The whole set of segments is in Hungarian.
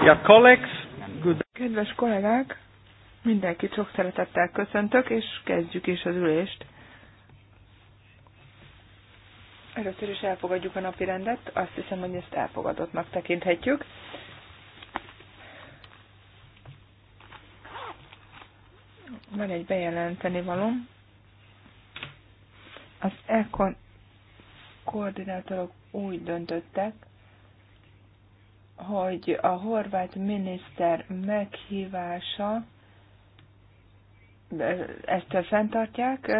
Dear colleagues, good... Kedves kollégák, mindenkit sok szeretettel köszöntök, és kezdjük is az ülést. Először is elfogadjuk a napi rendet, azt hiszem, hogy ezt elfogadottnak tekinthetjük. Van egy bejelenteni való. Az ECON koordinátorok úgy döntöttek, hogy a horvát miniszter meghívása, ezt fenntartják,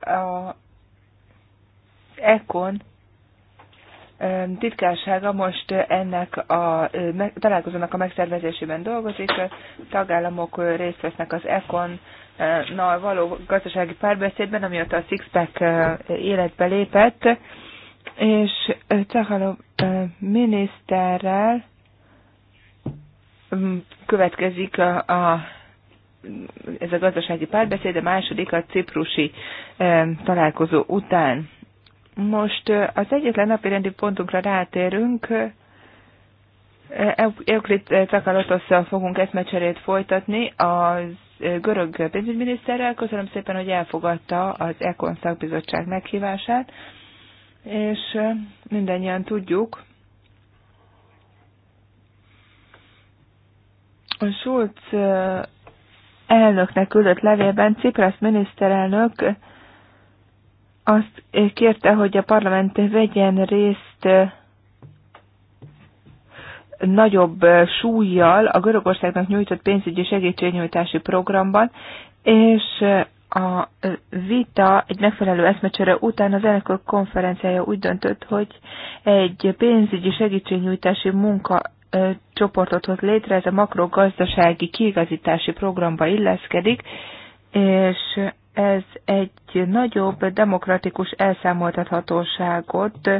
a Ekon titkársága most ennek a találkozónak a megszervezésében dolgozik, tagállamok részt vesznek az Ekon nal való gazdasági párbeszédben, amióta a Sixpack életbe lépett, és Csakalov miniszterrel Hm, következik a, a ez a gazdasági párbeszéd, a második a ciprusi e, találkozó után. Most e, az egyetlen napi rendi pontunkra rátérünk, e, Euklid Takalotosszal fogunk eszmecserét folytatni az e, görög pénzügyminiszterrel. Köszönöm szépen, hogy elfogadta az ECON szakbizottság meghívását, és mindannyian tudjuk, A Schulz elnöknek küldött levélben Cipras miniszterelnök azt kérte, hogy a parlament vegyen részt nagyobb súlyjal a Görögországnak nyújtott pénzügyi segítségnyújtási programban, és a vita egy megfelelő eszmecsere után az elnökök konferenciája úgy döntött, hogy egy pénzügyi segítségnyújtási munka csoportot hoz létre, ez a makrogazdasági kiigazítási programba illeszkedik, és ez egy nagyobb demokratikus elszámoltathatóságot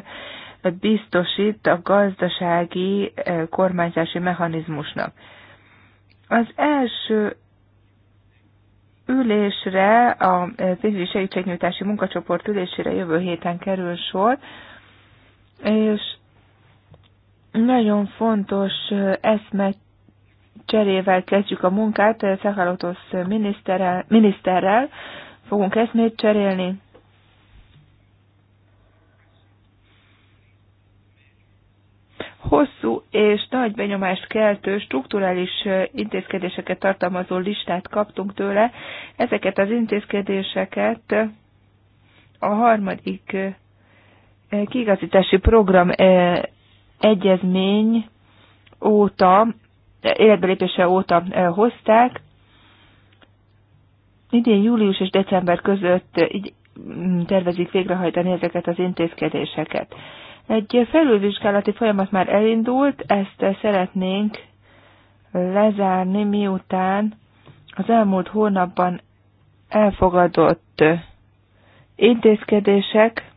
biztosít a gazdasági kormányzási mechanizmusnak. Az első ülésre, a pénzügyi segítségnyújtási munkacsoport ülésére jövő héten kerül sor, és nagyon fontos eszme cserével kezdjük a munkát, Szakalotosz miniszterrel, miniszterrel fogunk eszmét cserélni. Hosszú és nagy benyomást keltő strukturális intézkedéseket tartalmazó listát kaptunk tőle. Ezeket az intézkedéseket a harmadik kiigazítási program egyezmény óta, életbelépése óta eh, hozták. Idén július és december között így mm, tervezik végrehajtani ezeket az intézkedéseket. Egy felülvizsgálati folyamat már elindult, ezt eh, szeretnénk lezárni, miután az elmúlt hónapban elfogadott eh, intézkedések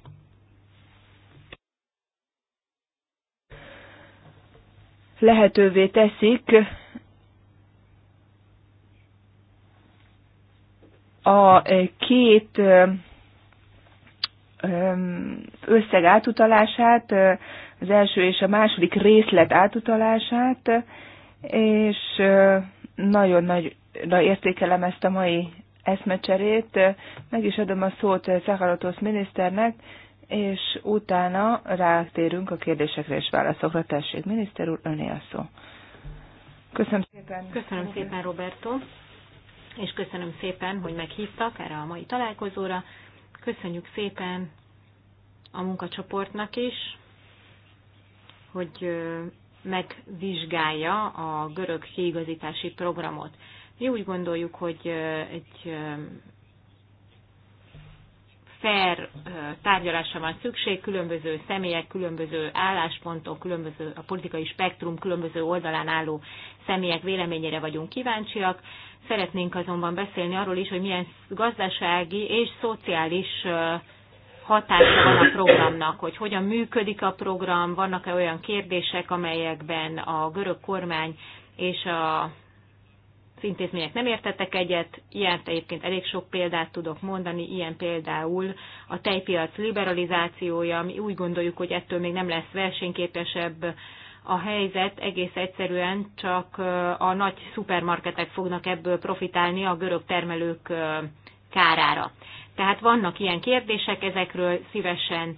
lehetővé teszik a két összeg átutalását, az első és a második részlet átutalását, és nagyon nagyra értékelem ezt a mai eszmecserét. Meg is adom a szót Szakaratos miniszternek, és utána rátérünk a kérdésekre és válaszokra. Tessék, miniszter úr, öné a szó. Köszönöm szépen. Köszönöm szépen, Roberto, és köszönöm szépen, hogy meghívtak erre a mai találkozóra. Köszönjük szépen a munkacsoportnak is, hogy megvizsgálja a görög kiigazítási programot. Mi úgy gondoljuk, hogy egy fair tárgyalásra van szükség, különböző személyek, különböző álláspontok, különböző a politikai spektrum különböző oldalán álló személyek véleményére vagyunk kíváncsiak. Szeretnénk azonban beszélni arról is, hogy milyen gazdasági és szociális hatása van a programnak, hogy hogyan működik a program, vannak-e olyan kérdések, amelyekben a görög kormány és a intézmények nem értettek egyet, ilyen egyébként elég sok példát tudok mondani, ilyen például a tejpiac liberalizációja, mi úgy gondoljuk, hogy ettől még nem lesz versenyképesebb a helyzet, egész egyszerűen csak a nagy szupermarketek fognak ebből profitálni a görög termelők kárára. Tehát vannak ilyen kérdések, ezekről szívesen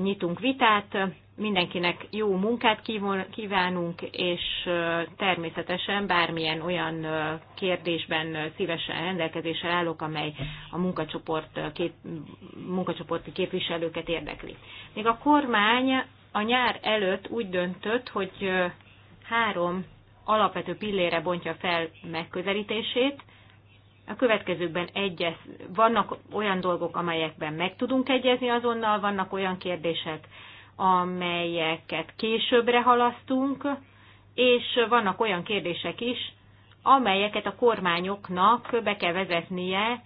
nyitunk vitát, mindenkinek jó munkát kívánunk, és természetesen bármilyen olyan kérdésben szívesen rendelkezésre állok, amely a munkacsoport, kép, munkacsoporti képviselőket érdekli. Még a kormány a nyár előtt úgy döntött, hogy három alapvető pillére bontja fel megközelítését, a következőkben egyez, vannak olyan dolgok, amelyekben meg tudunk egyezni azonnal, vannak olyan kérdések, amelyeket későbbre halasztunk, és vannak olyan kérdések is, amelyeket a kormányoknak be kell vezetnie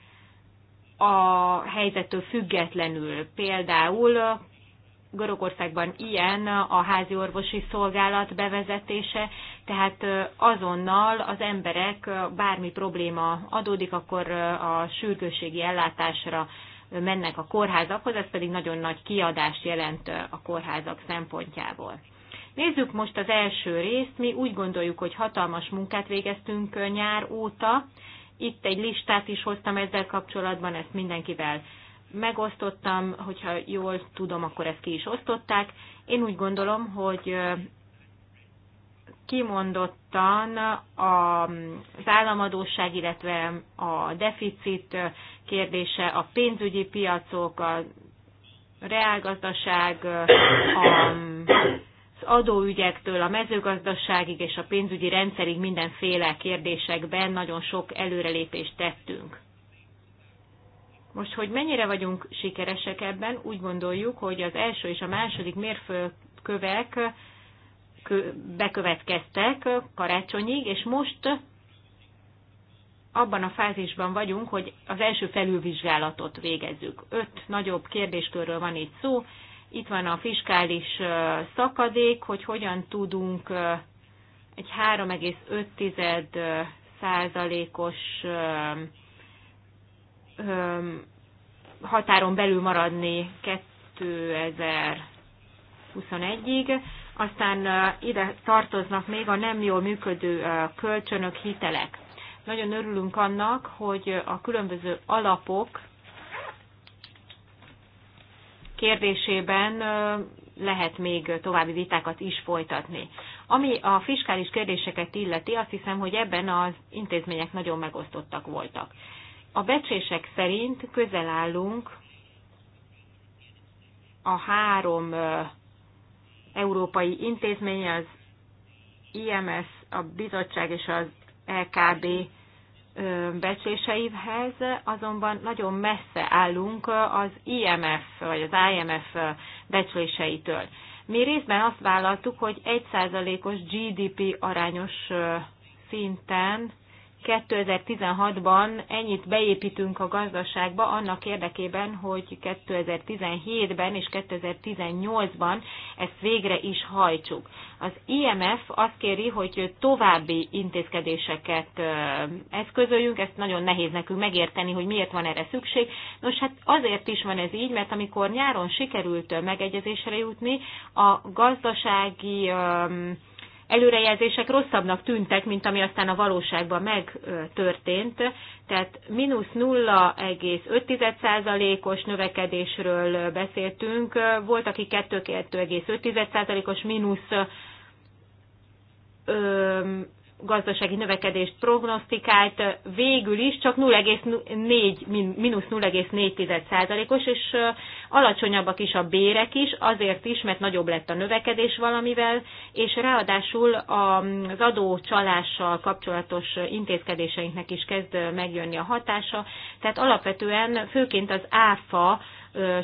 a helyzettől függetlenül. Például Görögországban ilyen a házi orvosi szolgálat bevezetése, tehát azonnal az emberek bármi probléma adódik, akkor a sürgősségi ellátásra mennek a kórházakhoz, ez pedig nagyon nagy kiadás jelent a kórházak szempontjából. Nézzük most az első részt. Mi úgy gondoljuk, hogy hatalmas munkát végeztünk nyár óta. Itt egy listát is hoztam ezzel kapcsolatban, ezt mindenkivel megosztottam, hogyha jól tudom, akkor ezt ki is osztották. Én úgy gondolom, hogy kimondottan az államadóság, illetve a deficit kérdése, a pénzügyi piacok, a reálgazdaság, az adóügyektől a mezőgazdaságig és a pénzügyi rendszerig mindenféle kérdésekben nagyon sok előrelépést tettünk. Most, hogy mennyire vagyunk sikeresek ebben, úgy gondoljuk, hogy az első és a második mérföldkövek bekövetkeztek karácsonyig, és most abban a fázisban vagyunk, hogy az első felülvizsgálatot végezzük. Öt nagyobb kérdéskörről van itt szó. Itt van a fiskális szakadék, hogy hogyan tudunk egy 3,5 százalékos határon belül maradni 2021-ig. Aztán ide tartoznak még a nem jól működő kölcsönök, hitelek. Nagyon örülünk annak, hogy a különböző alapok kérdésében lehet még további vitákat is folytatni. Ami a fiskális kérdéseket illeti, azt hiszem, hogy ebben az intézmények nagyon megosztottak voltak. A becsések szerint közel állunk a három európai intézménye, az IMS, a bizottság és az LKB becsléseihez, azonban nagyon messze állunk az IMF vagy az IMF becsléseitől. Mi részben azt vállaltuk, hogy 1%-os GDP arányos szinten 2016-ban ennyit beépítünk a gazdaságba annak érdekében, hogy 2017-ben és 2018-ban ezt végre is hajtsuk. Az IMF azt kéri, hogy további intézkedéseket eszközöljünk, ezt nagyon nehéz nekünk megérteni, hogy miért van erre szükség. Nos, hát azért is van ez így, mert amikor nyáron sikerült megegyezésre jutni, a gazdasági előrejelzések rosszabbnak tűntek, mint ami aztán a valóságban megtörtént. Tehát mínusz 0,5%-os növekedésről beszéltünk, volt, aki 2,5%-os mínusz gazdasági növekedést prognosztikált, végül is csak 0,4, mínusz 0,4%-os, és alacsonyabbak is a bérek is, azért is, mert nagyobb lett a növekedés valamivel, és ráadásul az adócsalással kapcsolatos intézkedéseinknek is kezd megjönni a hatása, tehát alapvetően főként az áfa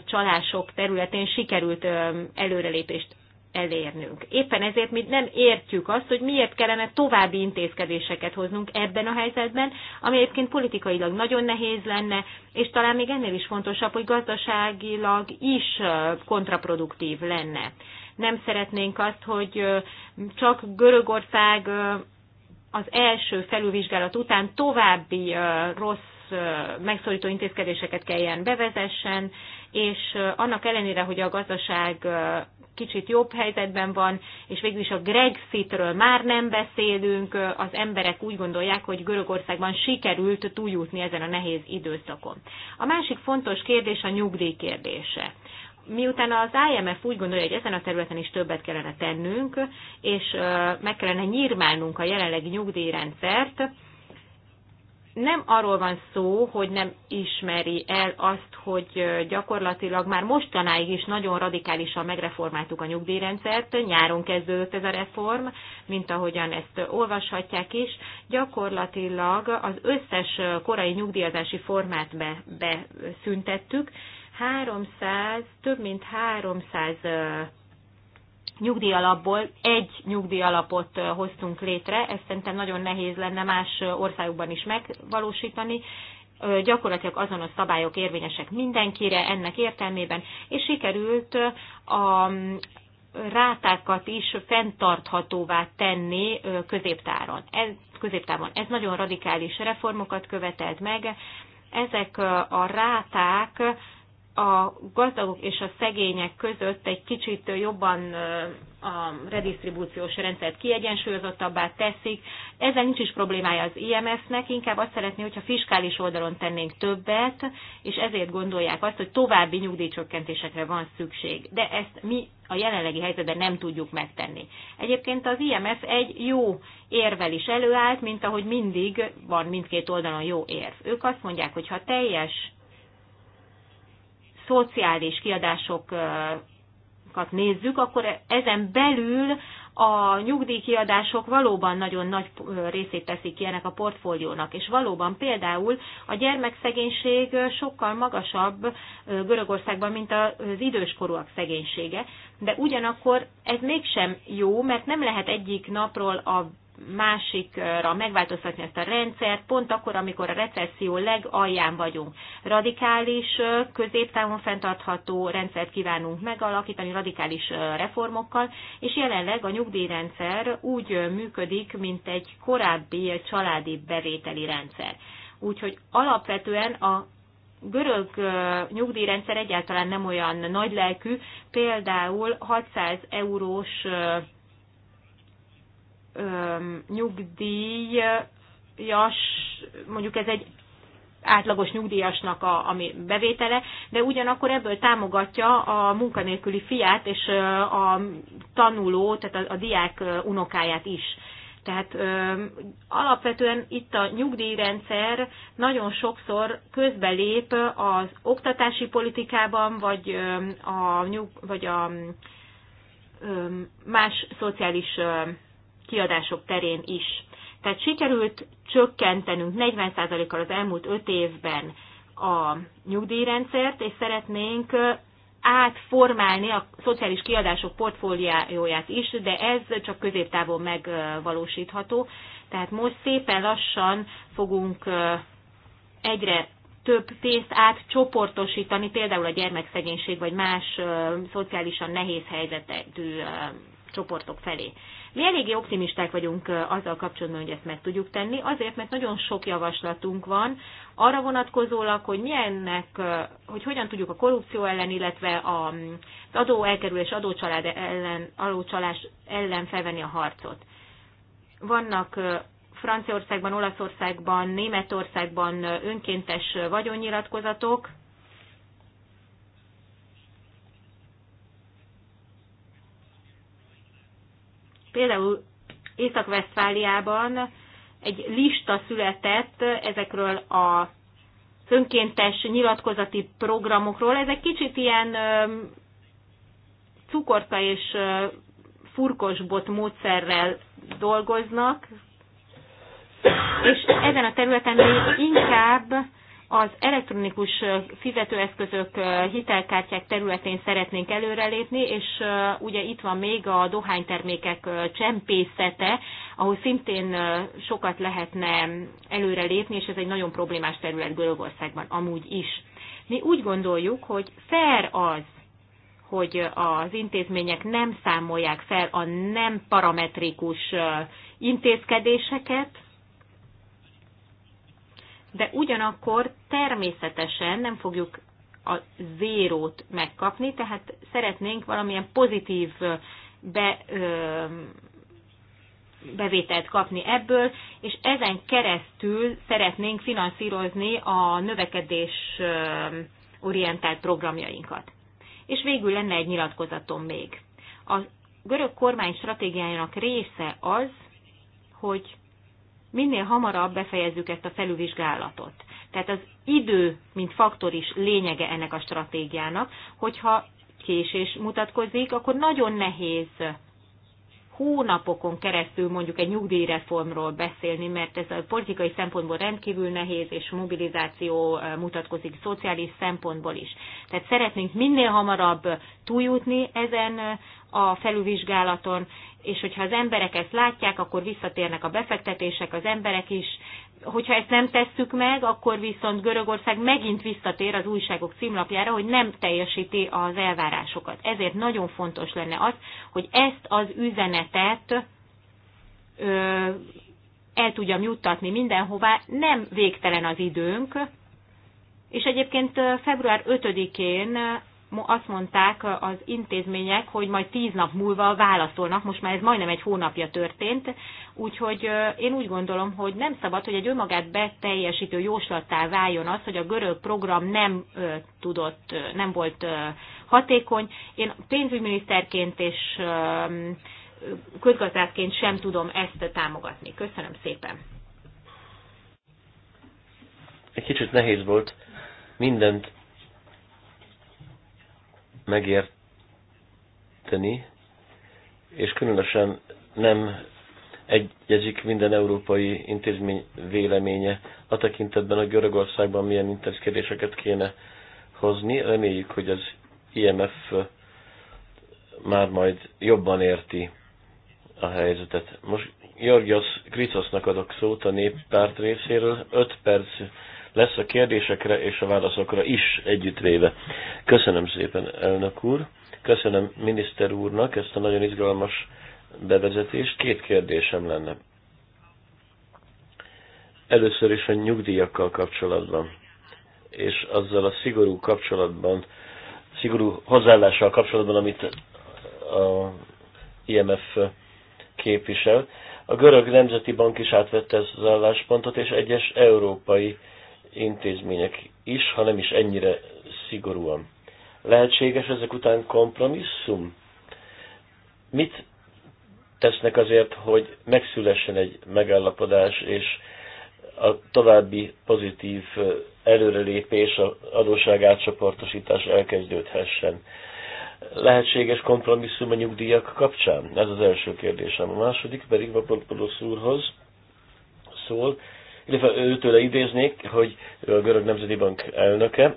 csalások területén sikerült előrelépést elérnünk. Éppen ezért mi nem értjük azt, hogy miért kellene további intézkedéseket hoznunk ebben a helyzetben, ami egyébként politikailag nagyon nehéz lenne, és talán még ennél is fontosabb, hogy gazdaságilag is kontraproduktív lenne. Nem szeretnénk azt, hogy csak Görögország az első felülvizsgálat után további rossz megszorító intézkedéseket kelljen bevezessen, és annak ellenére, hogy a gazdaság kicsit jobb helyzetben van, és végül is a Grexitről már nem beszélünk, az emberek úgy gondolják, hogy Görögországban sikerült túljutni ezen a nehéz időszakon. A másik fontos kérdés a nyugdíj kérdése miután az IMF úgy gondolja, hogy ezen a területen is többet kellene tennünk, és meg kellene nyírmálnunk a jelenlegi nyugdíjrendszert, nem arról van szó, hogy nem ismeri el azt, hogy gyakorlatilag már mostanáig is nagyon radikálisan megreformáltuk a nyugdíjrendszert, nyáron kezdődött ez a reform, mint ahogyan ezt olvashatják is, gyakorlatilag az összes korai nyugdíjazási formát be, 300, több mint 300 nyugdíjalapból egy nyugdíjalapot hoztunk létre, ezt szerintem nagyon nehéz lenne más országokban is megvalósítani, gyakorlatilag azonos szabályok érvényesek mindenkire ennek értelmében, és sikerült a rátákat is fenntarthatóvá tenni középtáron. Ez, középtáron. Ez nagyon radikális reformokat követelt meg. Ezek a ráták a gazdagok és a szegények között egy kicsit jobban a redistribúciós rendszert kiegyensúlyozottabbá teszik. Ezzel nincs is problémája az IMF-nek, inkább azt szeretné, hogyha fiskális oldalon tennénk többet, és ezért gondolják azt, hogy további nyugdíjcsökkentésekre van szükség. De ezt mi a jelenlegi helyzetben nem tudjuk megtenni. Egyébként az IMF egy jó érvel is előállt, mint ahogy mindig van mindkét oldalon jó érv. Ők azt mondják, hogy ha teljes szociális kiadásokat nézzük, akkor ezen belül a nyugdíjkiadások valóban nagyon nagy részét teszik ki ennek a portfóliónak, és valóban például a gyermekszegénység sokkal magasabb Görögországban, mint az időskorúak szegénysége, de ugyanakkor ez mégsem jó, mert nem lehet egyik napról a másikra megváltoztatni ezt a rendszert, pont akkor, amikor a recesszió legalján vagyunk. Radikális, középtávon fenntartható rendszert kívánunk megalakítani radikális reformokkal, és jelenleg a nyugdíjrendszer úgy működik, mint egy korábbi családi bevételi rendszer. Úgyhogy alapvetően a görög nyugdíjrendszer egyáltalán nem olyan nagy lelkű, például 600 eurós nyugdíjas, mondjuk ez egy átlagos nyugdíjasnak a, a bevétele, de ugyanakkor ebből támogatja a munkanélküli fiát és a tanuló, tehát a, a diák unokáját is. Tehát ö, alapvetően itt a nyugdíjrendszer nagyon sokszor közbelép az oktatási politikában, vagy, ö, a, nyug, vagy a ö, más szociális ö, kiadások terén is. Tehát sikerült csökkentenünk 40%-kal az elmúlt 5 évben a nyugdíjrendszert, és szeretnénk átformálni a szociális kiadások portfólióját is, de ez csak középtávon megvalósítható. Tehát most szépen lassan fogunk egyre több pénzt átcsoportosítani, például a gyermekszegénység vagy más szociálisan nehéz helyzetű csoportok felé. Mi eléggé optimisták vagyunk azzal kapcsolatban, hogy ezt meg tudjuk tenni, azért, mert nagyon sok javaslatunk van arra vonatkozólag, hogy milyennek, hogy hogyan tudjuk a korrupció ellen, illetve mm, az adó elkerülés, adócsalád ellen, adócsalás ellen felvenni a harcot. Vannak Franciaországban, Olaszországban, Németországban önkéntes vagyonnyilatkozatok, Például Észak-Vesztfáliában egy lista született ezekről a önkéntes nyilatkozati programokról. Ezek kicsit ilyen cukorka és furkosbot módszerrel dolgoznak, és ezen a területen még inkább az elektronikus fizetőeszközök hitelkártyák területén szeretnénk előrelépni, és ugye itt van még a dohánytermékek csempészete, ahol szintén sokat lehetne előrelépni, és ez egy nagyon problémás terület Görögországban amúgy is. Mi úgy gondoljuk, hogy fair az, hogy az intézmények nem számolják fel a nem parametrikus intézkedéseket, de ugyanakkor természetesen nem fogjuk a zérót megkapni, tehát szeretnénk valamilyen pozitív be, ö, bevételt kapni ebből, és ezen keresztül szeretnénk finanszírozni a növekedés orientált programjainkat. És végül lenne egy nyilatkozatom még. A görög kormány stratégiájának része az, hogy minél hamarabb befejezzük ezt a felülvizsgálatot. Tehát az idő, mint faktor is lényege ennek a stratégiának, hogyha késés mutatkozik, akkor nagyon nehéz hónapokon keresztül mondjuk egy nyugdíjreformról beszélni, mert ez a politikai szempontból rendkívül nehéz, és mobilizáció eh, mutatkozik szociális szempontból is. Tehát szeretnénk minél hamarabb túljutni ezen eh, a felülvizsgálaton, és hogyha az emberek ezt látják, akkor visszatérnek a befektetések, az emberek is hogyha ezt nem tesszük meg, akkor viszont Görögország megint visszatér az újságok címlapjára, hogy nem teljesíti az elvárásokat. Ezért nagyon fontos lenne az, hogy ezt az üzenetet ö, el tudjam juttatni mindenhová. Nem végtelen az időnk, és egyébként február 5-én azt mondták az intézmények, hogy majd tíz nap múlva válaszolnak, most már ez majdnem egy hónapja történt, úgyhogy én úgy gondolom, hogy nem szabad, hogy egy önmagát beteljesítő jóslattá váljon az, hogy a görög program nem tudott, nem volt hatékony. Én pénzügyminiszterként és közgazdászként sem tudom ezt támogatni. Köszönöm szépen. Egy kicsit nehéz volt mindent megérteni, és különösen nem egyezik minden európai intézmény véleménye a tekintetben, hogy Görögországban milyen intézkedéseket kéne hozni. Reméljük, hogy az IMF már majd jobban érti a helyzetet. Most Georgios Kricosznak adok szót a néppárt részéről. öt perc lesz a kérdésekre és a válaszokra is együttvéve. Köszönöm szépen, elnök úr. Köszönöm miniszter úrnak ezt a nagyon izgalmas bevezetést. Két kérdésem lenne. Először is a nyugdíjakkal kapcsolatban, és azzal a szigorú kapcsolatban, szigorú hozzáállással kapcsolatban, amit a IMF képvisel. A görög nemzeti bank is átvette ezt az álláspontot, és egyes európai intézmények is, ha nem is ennyire szigorúan. Lehetséges ezek után kompromisszum? Mit tesznek azért, hogy megszülessen egy megállapodás, és a további pozitív előrelépés, a adóság átcsoportosítás elkezdődhessen. Lehetséges kompromisszum a nyugdíjak kapcsán? Ez az első kérdésem. A második pedig Vapolopoulos úrhoz szól illetve őtől idéznék, hogy a Görög Nemzeti Bank elnöke,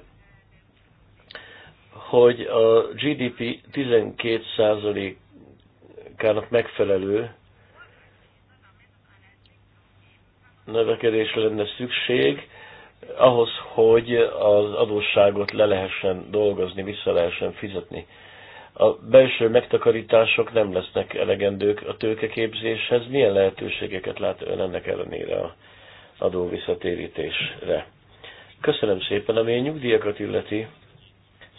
hogy a GDP 12%-ának megfelelő növekedés lenne szükség, ahhoz, hogy az adósságot le lehessen dolgozni, vissza lehessen fizetni. A belső megtakarítások nem lesznek elegendők a tőkeképzéshez. Milyen lehetőségeket lát ön ennek ellenére a adó visszatérítésre. Köszönöm szépen, ami a nyugdíjakat illeti.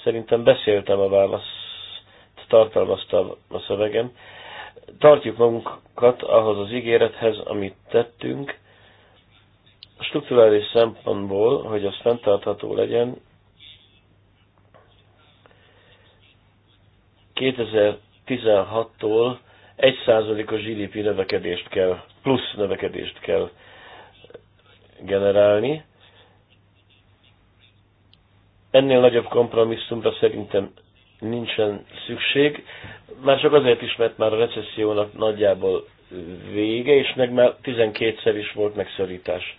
Szerintem beszéltem a választ, tartalmaztam a szövegem. Tartjuk magunkat ahhoz az ígérethez, amit tettünk. A strukturális szempontból, hogy az fenntartható legyen, 2016-tól 1%-os GDP növekedést kell, plusz növekedést kell generálni. Ennél nagyobb kompromisszumra szerintem nincsen szükség, már csak azért is, mert már a recessziónak nagyjából vége, és meg már 12-szer is volt megszorítás.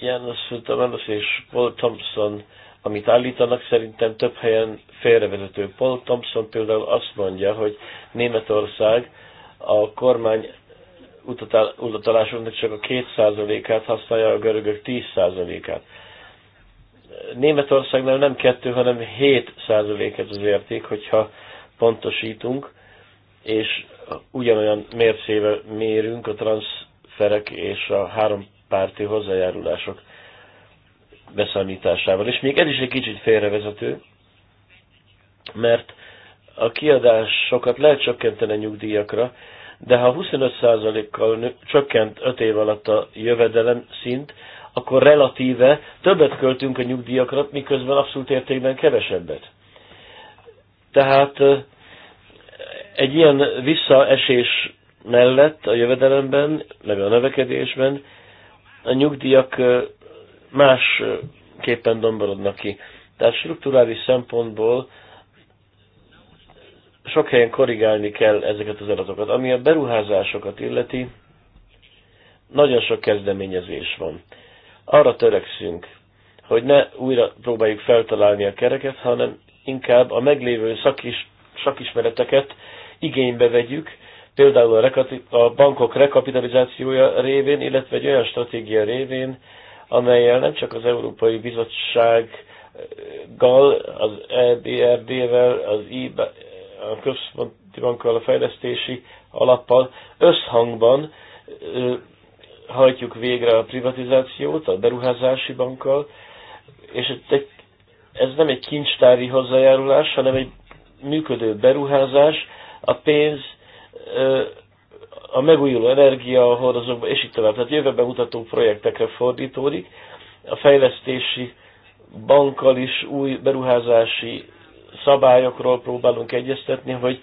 János Tavares és Paul Thompson, amit állítanak, szerintem több helyen félrevezető. Paul Thompson például azt mondja, hogy Németország a kormány utatásunknak csak a 2%-át használja, a görögök 10%-át. Németországnál nem 2, hanem 7% ez az érték, hogyha pontosítunk, és ugyanolyan mércével mérünk a transferek és a hárompárti hozzájárulások beszámításával. És még ez is egy kicsit félrevezető, mert a kiadásokat lehet csökkenteni a nyugdíjakra, de ha 25%-kal csökkent 5 év alatt a jövedelem szint, akkor relatíve többet költünk a nyugdíjakra, miközben abszolút értékben kevesebbet. Tehát egy ilyen visszaesés mellett a jövedelemben, meg a növekedésben a nyugdíjak másképpen domborodnak ki. Tehát strukturális szempontból sok helyen korrigálni kell ezeket az adatokat. Ami a beruházásokat illeti, nagyon sok kezdeményezés van. Arra törekszünk, hogy ne újra próbáljuk feltalálni a kereket, hanem inkább a meglévő szakis, szakismereteket igénybe vegyük, például a, a bankok rekapitalizációja révén, illetve egy olyan stratégia révén, amelyel nem csak az Európai Bizottsággal, az EBRD-vel, az a központi bankkal, a fejlesztési alappal összhangban hajtjuk végre a privatizációt, a beruházási bankkal, és ez nem egy kincstári hozzájárulás, hanem egy működő beruházás, a pénz a megújuló energia hordozókban, és így tovább. Tehát jövőben mutató projektekre fordítódik. A fejlesztési bankkal is új beruházási szabályokról próbálunk egyeztetni, hogy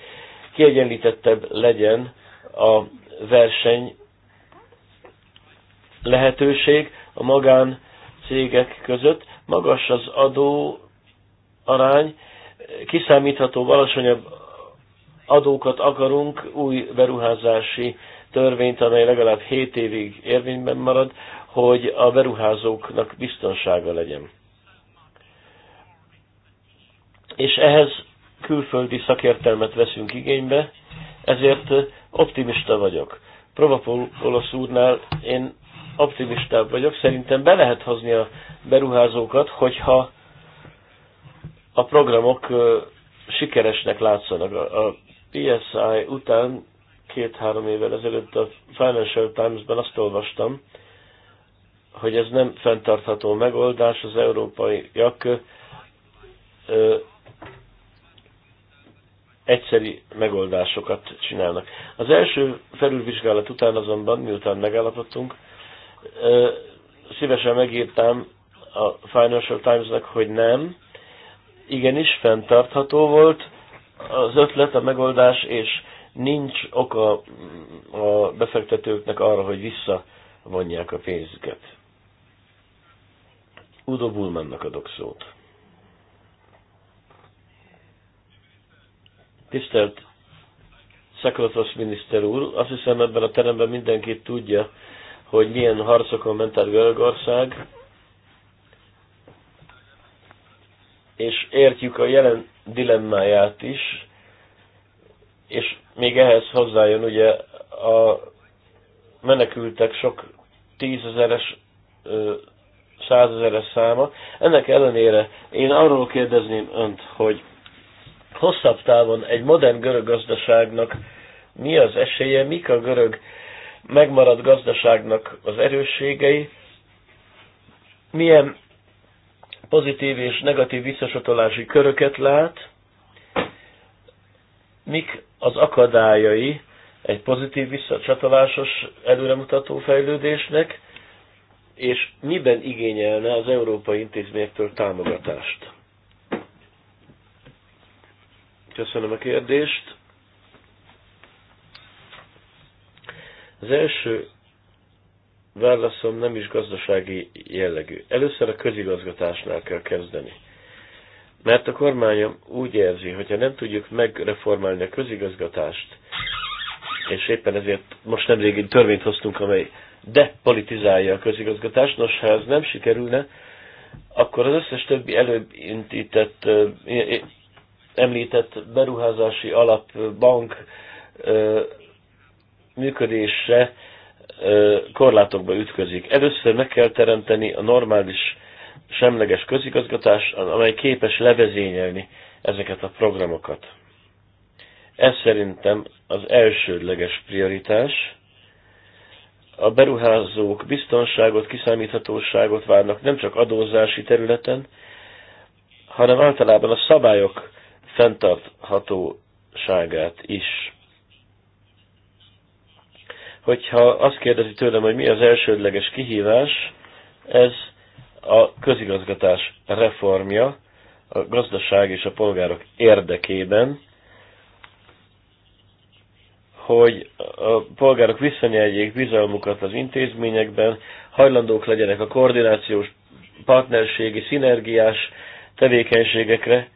kiegyenlítettebb legyen a verseny lehetőség a magán cégek között. Magas az adó arány, kiszámítható, alacsonyabb adókat akarunk, új beruházási törvényt, amely legalább 7 évig érvényben marad, hogy a beruházóknak biztonsága legyen és ehhez külföldi szakértelmet veszünk igénybe, ezért optimista vagyok. Provapol olasz úrnál én optimistább vagyok, szerintem be lehet hozni a beruházókat, hogyha a programok sikeresnek látszanak. A PSI után két-három évvel ezelőtt a Financial Times-ben azt olvastam, hogy ez nem fenntartható megoldás, az európaiak egyszeri megoldásokat csinálnak. Az első felülvizsgálat után azonban, miután megállapodtunk, szívesen megírtam a Financial Times-nak, hogy nem. Igenis, fenntartható volt az ötlet, a megoldás, és nincs oka a befektetőknek arra, hogy visszavonják a pénzüket. Udo Bullmannak adok szót. Tisztelt Szekolatos miniszter úr, azt hiszem ebben a teremben mindenki tudja, hogy milyen harcokon ment át Görögország, és értjük a jelen dilemmáját is, és még ehhez hozzájön ugye a menekültek sok tízezeres, százezeres száma. Ennek ellenére én arról kérdezném önt, hogy hosszabb távon egy modern görög gazdaságnak mi az esélye, mik a görög megmaradt gazdaságnak az erősségei, milyen pozitív és negatív visszasatolási köröket lát, mik az akadályai egy pozitív visszacsatolásos előremutató fejlődésnek, és miben igényelne az európai intézményektől támogatást. Köszönöm a kérdést. Az első válaszom nem is gazdasági jellegű. Először a közigazgatásnál kell kezdeni. Mert a kormányom úgy érzi, hogyha nem tudjuk megreformálni a közigazgatást, és éppen ezért most nemrég törvényt hoztunk, amely depolitizálja a közigazgatást, nos, ha ez nem sikerülne, akkor az összes többi előbb intített említett beruházási alapbank működése korlátokba ütközik. Először meg kell teremteni a normális semleges közigazgatás, amely képes levezényelni ezeket a programokat. Ez szerintem az elsődleges prioritás. A beruházók biztonságot, kiszámíthatóságot várnak nem csak adózási területen, hanem általában a szabályok fenntarthatóságát is. Hogyha azt kérdezi tőlem, hogy mi az elsődleges kihívás, ez a közigazgatás reformja a gazdaság és a polgárok érdekében, hogy a polgárok visszanyeljék bizalmukat az intézményekben, hajlandók legyenek a koordinációs, partnerségi, szinergiás tevékenységekre,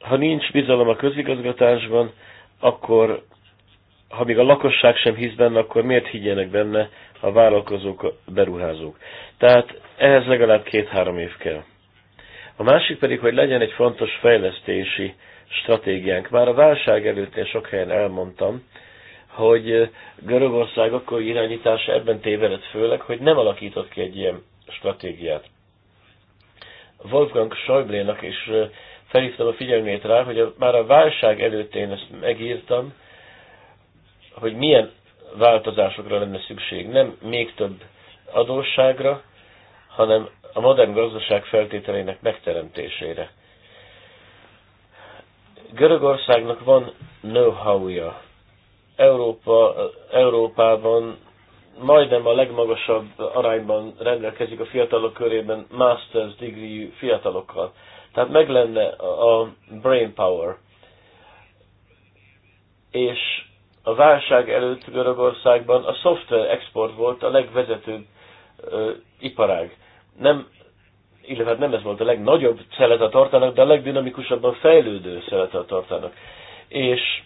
ha nincs bizalom a közigazgatásban, akkor ha még a lakosság sem hisz benne, akkor miért higgyenek benne a vállalkozók, a beruházók? Tehát ehhez legalább két-három év kell. A másik pedig, hogy legyen egy fontos fejlesztési stratégiánk. Már a válság előtt én sok helyen elmondtam, hogy Görögország akkor irányítása ebben tévedett főleg, hogy nem alakított ki egy ilyen stratégiát. Wolfgang Schäublénak és felhívtam a figyelmét rá, hogy a, már a válság előtt én ezt megírtam, hogy milyen változásokra lenne szükség. Nem még több adósságra, hanem a modern gazdaság feltételeinek megteremtésére. Görögországnak van know-how-ja. Európa, Európában majdnem a legmagasabb arányban rendelkezik a fiatalok körében master's degree fiatalokkal. Tehát meg lenne a brain power. És a válság előtt Görögországban a szoftver export volt a legvezetőbb ö, iparág. Nem, illetve hát nem ez volt a legnagyobb szelet a tartának, de a legdinamikusabban fejlődő szelet a tartának. És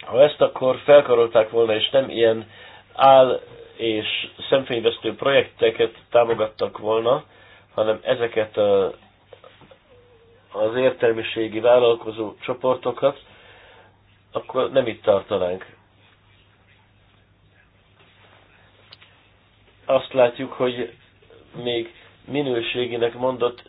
ha ezt akkor felkarolták volna, és nem ilyen áll és szemfényvesztő projekteket támogattak volna, hanem ezeket a az értelmiségi vállalkozó csoportokat, akkor nem itt tartanánk. Azt látjuk, hogy még minőséginek mondott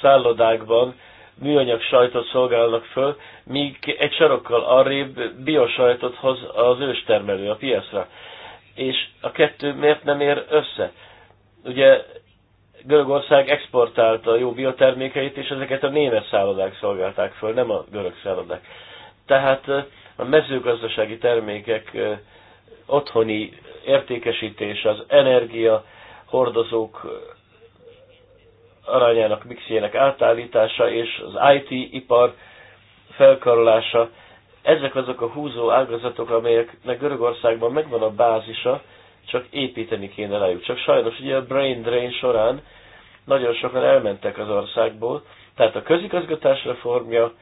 szállodákban műanyag sajtot szolgálnak föl, míg egy sarokkal arrébb biosajtot hoz az őstermelő a piacra. És a kettő miért nem ér össze? Ugye Görögország exportálta a jó biotermékeit, és ezeket a német szállodák szolgálták föl, nem a görög szállodák. Tehát a mezőgazdasági termékek otthoni értékesítés, az energia hordozók arányának, mixjének átállítása és az IT-ipar felkarolása, ezek azok a húzó ágazatok, amelyeknek Görögországban megvan a bázisa, csak építeni kéne rájuk. Csak sajnos ugye a brain drain során nagyon sokan elmentek az országból, tehát a közigazgatás reformja,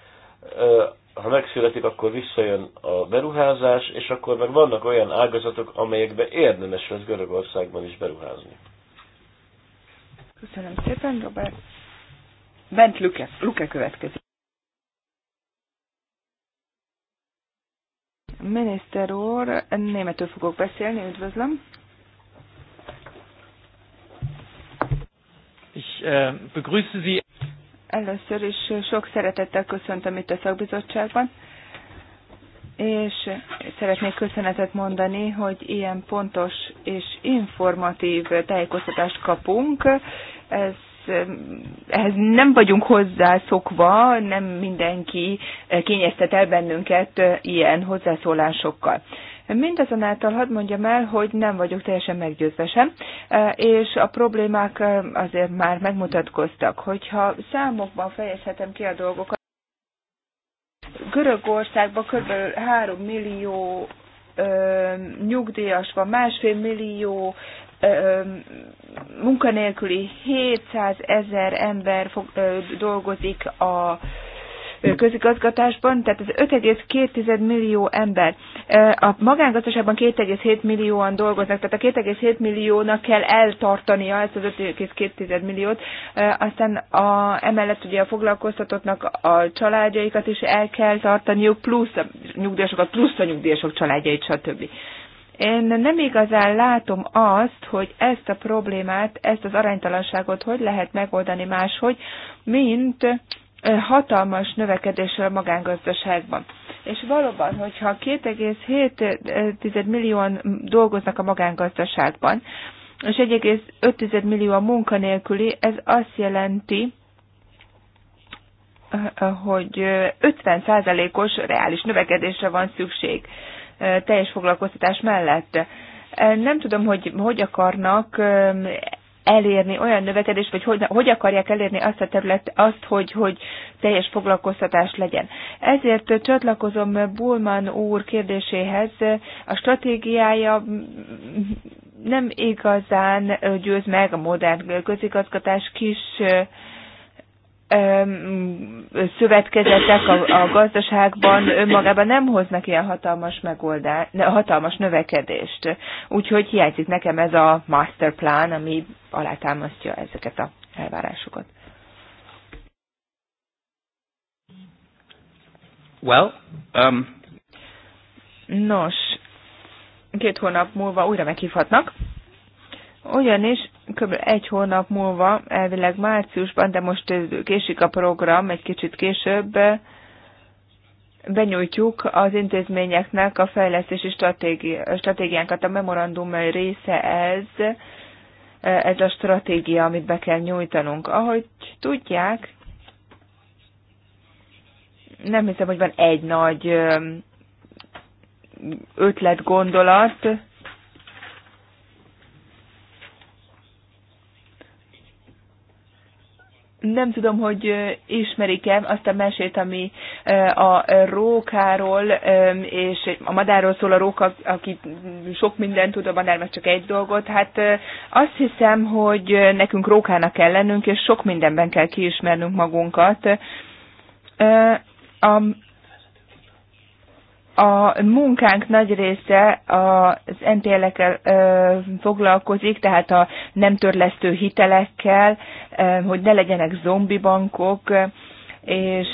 ha megszületik, akkor visszajön a beruházás, és akkor meg vannak olyan ágazatok, amelyekbe érdemes lesz Görögországban is beruházni. Köszönöm szépen, Robert. Bent Luke, Luke következik. Miniszter úr, németül fogok beszélni, üdvözlöm. Ich äh, begrüße Sie. Először is sok szeretettel köszöntöm itt a szakbizottságban, és szeretnék köszönetet mondani, hogy ilyen pontos és informatív tájékoztatást kapunk. Ez ehhez nem vagyunk hozzászokva, nem mindenki eh, kényeztet el bennünket eh, ilyen hozzászólásokkal. Mindazonáltal hadd mondjam el, hogy nem vagyok teljesen meggyőzve sem, eh, és a problémák azért már megmutatkoztak. Hogyha számokban fejezhetem ki a dolgokat, Görögországban kb. 3 millió nyugdíjas van, másfél millió munkanélküli 700 ezer ember fog, dolgozik a közigazgatásban, tehát ez 5,2 millió ember. A magángazdaságban 2,7 millióan dolgoznak, tehát a 2,7 milliónak kell eltartania ezt az 5,2 milliót. Aztán a, emellett ugye a foglalkoztatottnak a családjaikat is el kell tartaniuk, plusz a nyugdíjasokat, plusz a nyugdíjasok családjait, stb. Én nem igazán látom azt, hogy ezt a problémát, ezt az aránytalanságot hogy lehet megoldani máshogy, mint hatalmas növekedéssel a magángazdaságban. És valóban, hogyha 2,7 millióan dolgoznak a magángazdaságban, és 1,5 millió a munkanélküli, ez azt jelenti, hogy 50%-os reális növekedésre van szükség teljes foglalkoztatás mellett. Nem tudom, hogy hogy akarnak elérni olyan növekedést, vagy hogy, hogy akarják elérni azt a terület, azt, hogy, hogy teljes foglalkoztatás legyen. Ezért csatlakozom Bulman úr kérdéséhez, a stratégiája nem igazán győz meg a modern közigazgatás kis szövetkezetek a, a gazdaságban önmagában nem hoznak ilyen hatalmas megoldást, hatalmas növekedést. Úgyhogy hiányzik nekem ez a master plan ami alátámasztja ezeket a elvárásokat. Well, um... Nos, két hónap múlva újra meghívhatnak. Ugyanis kb. egy hónap múlva, elvileg márciusban, de most késik a program, egy kicsit később, benyújtjuk az intézményeknek a fejlesztési stratégi, stratégiánkat. A memorandum része ez, ez a stratégia, amit be kell nyújtanunk. Ahogy tudják, nem hiszem, hogy van egy nagy ötlet, gondolat, nem tudom, hogy ismerik-e azt a mesét, ami a rókáról és a madárról szól a róka, aki sok mindent tud, a madár meg csak egy dolgot. Hát azt hiszem, hogy nekünk rókának kell lennünk, és sok mindenben kell kiismernünk magunkat. A a munkánk nagy része az NPL-ekkel foglalkozik, tehát a nem törlesztő hitelekkel, hogy ne legyenek zombi bankok, és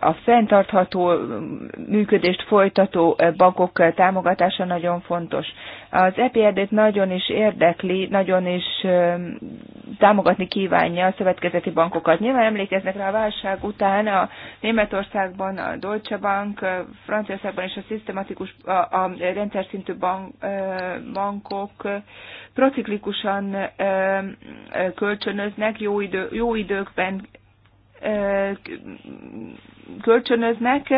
a fenntartható működést folytató bankok támogatása nagyon fontos. Az EPRD-t nagyon is érdekli, nagyon is támogatni kívánja a szövetkezeti bankokat. Nyilván emlékeznek rá a válság után a Németországban a Deutsche Bank, Franciaországban is a szisztematikus, a, a rendszer szintű bank, bankok prociklikusan kölcsönöznek, jó, idő, jó időkben kölcsönöznek,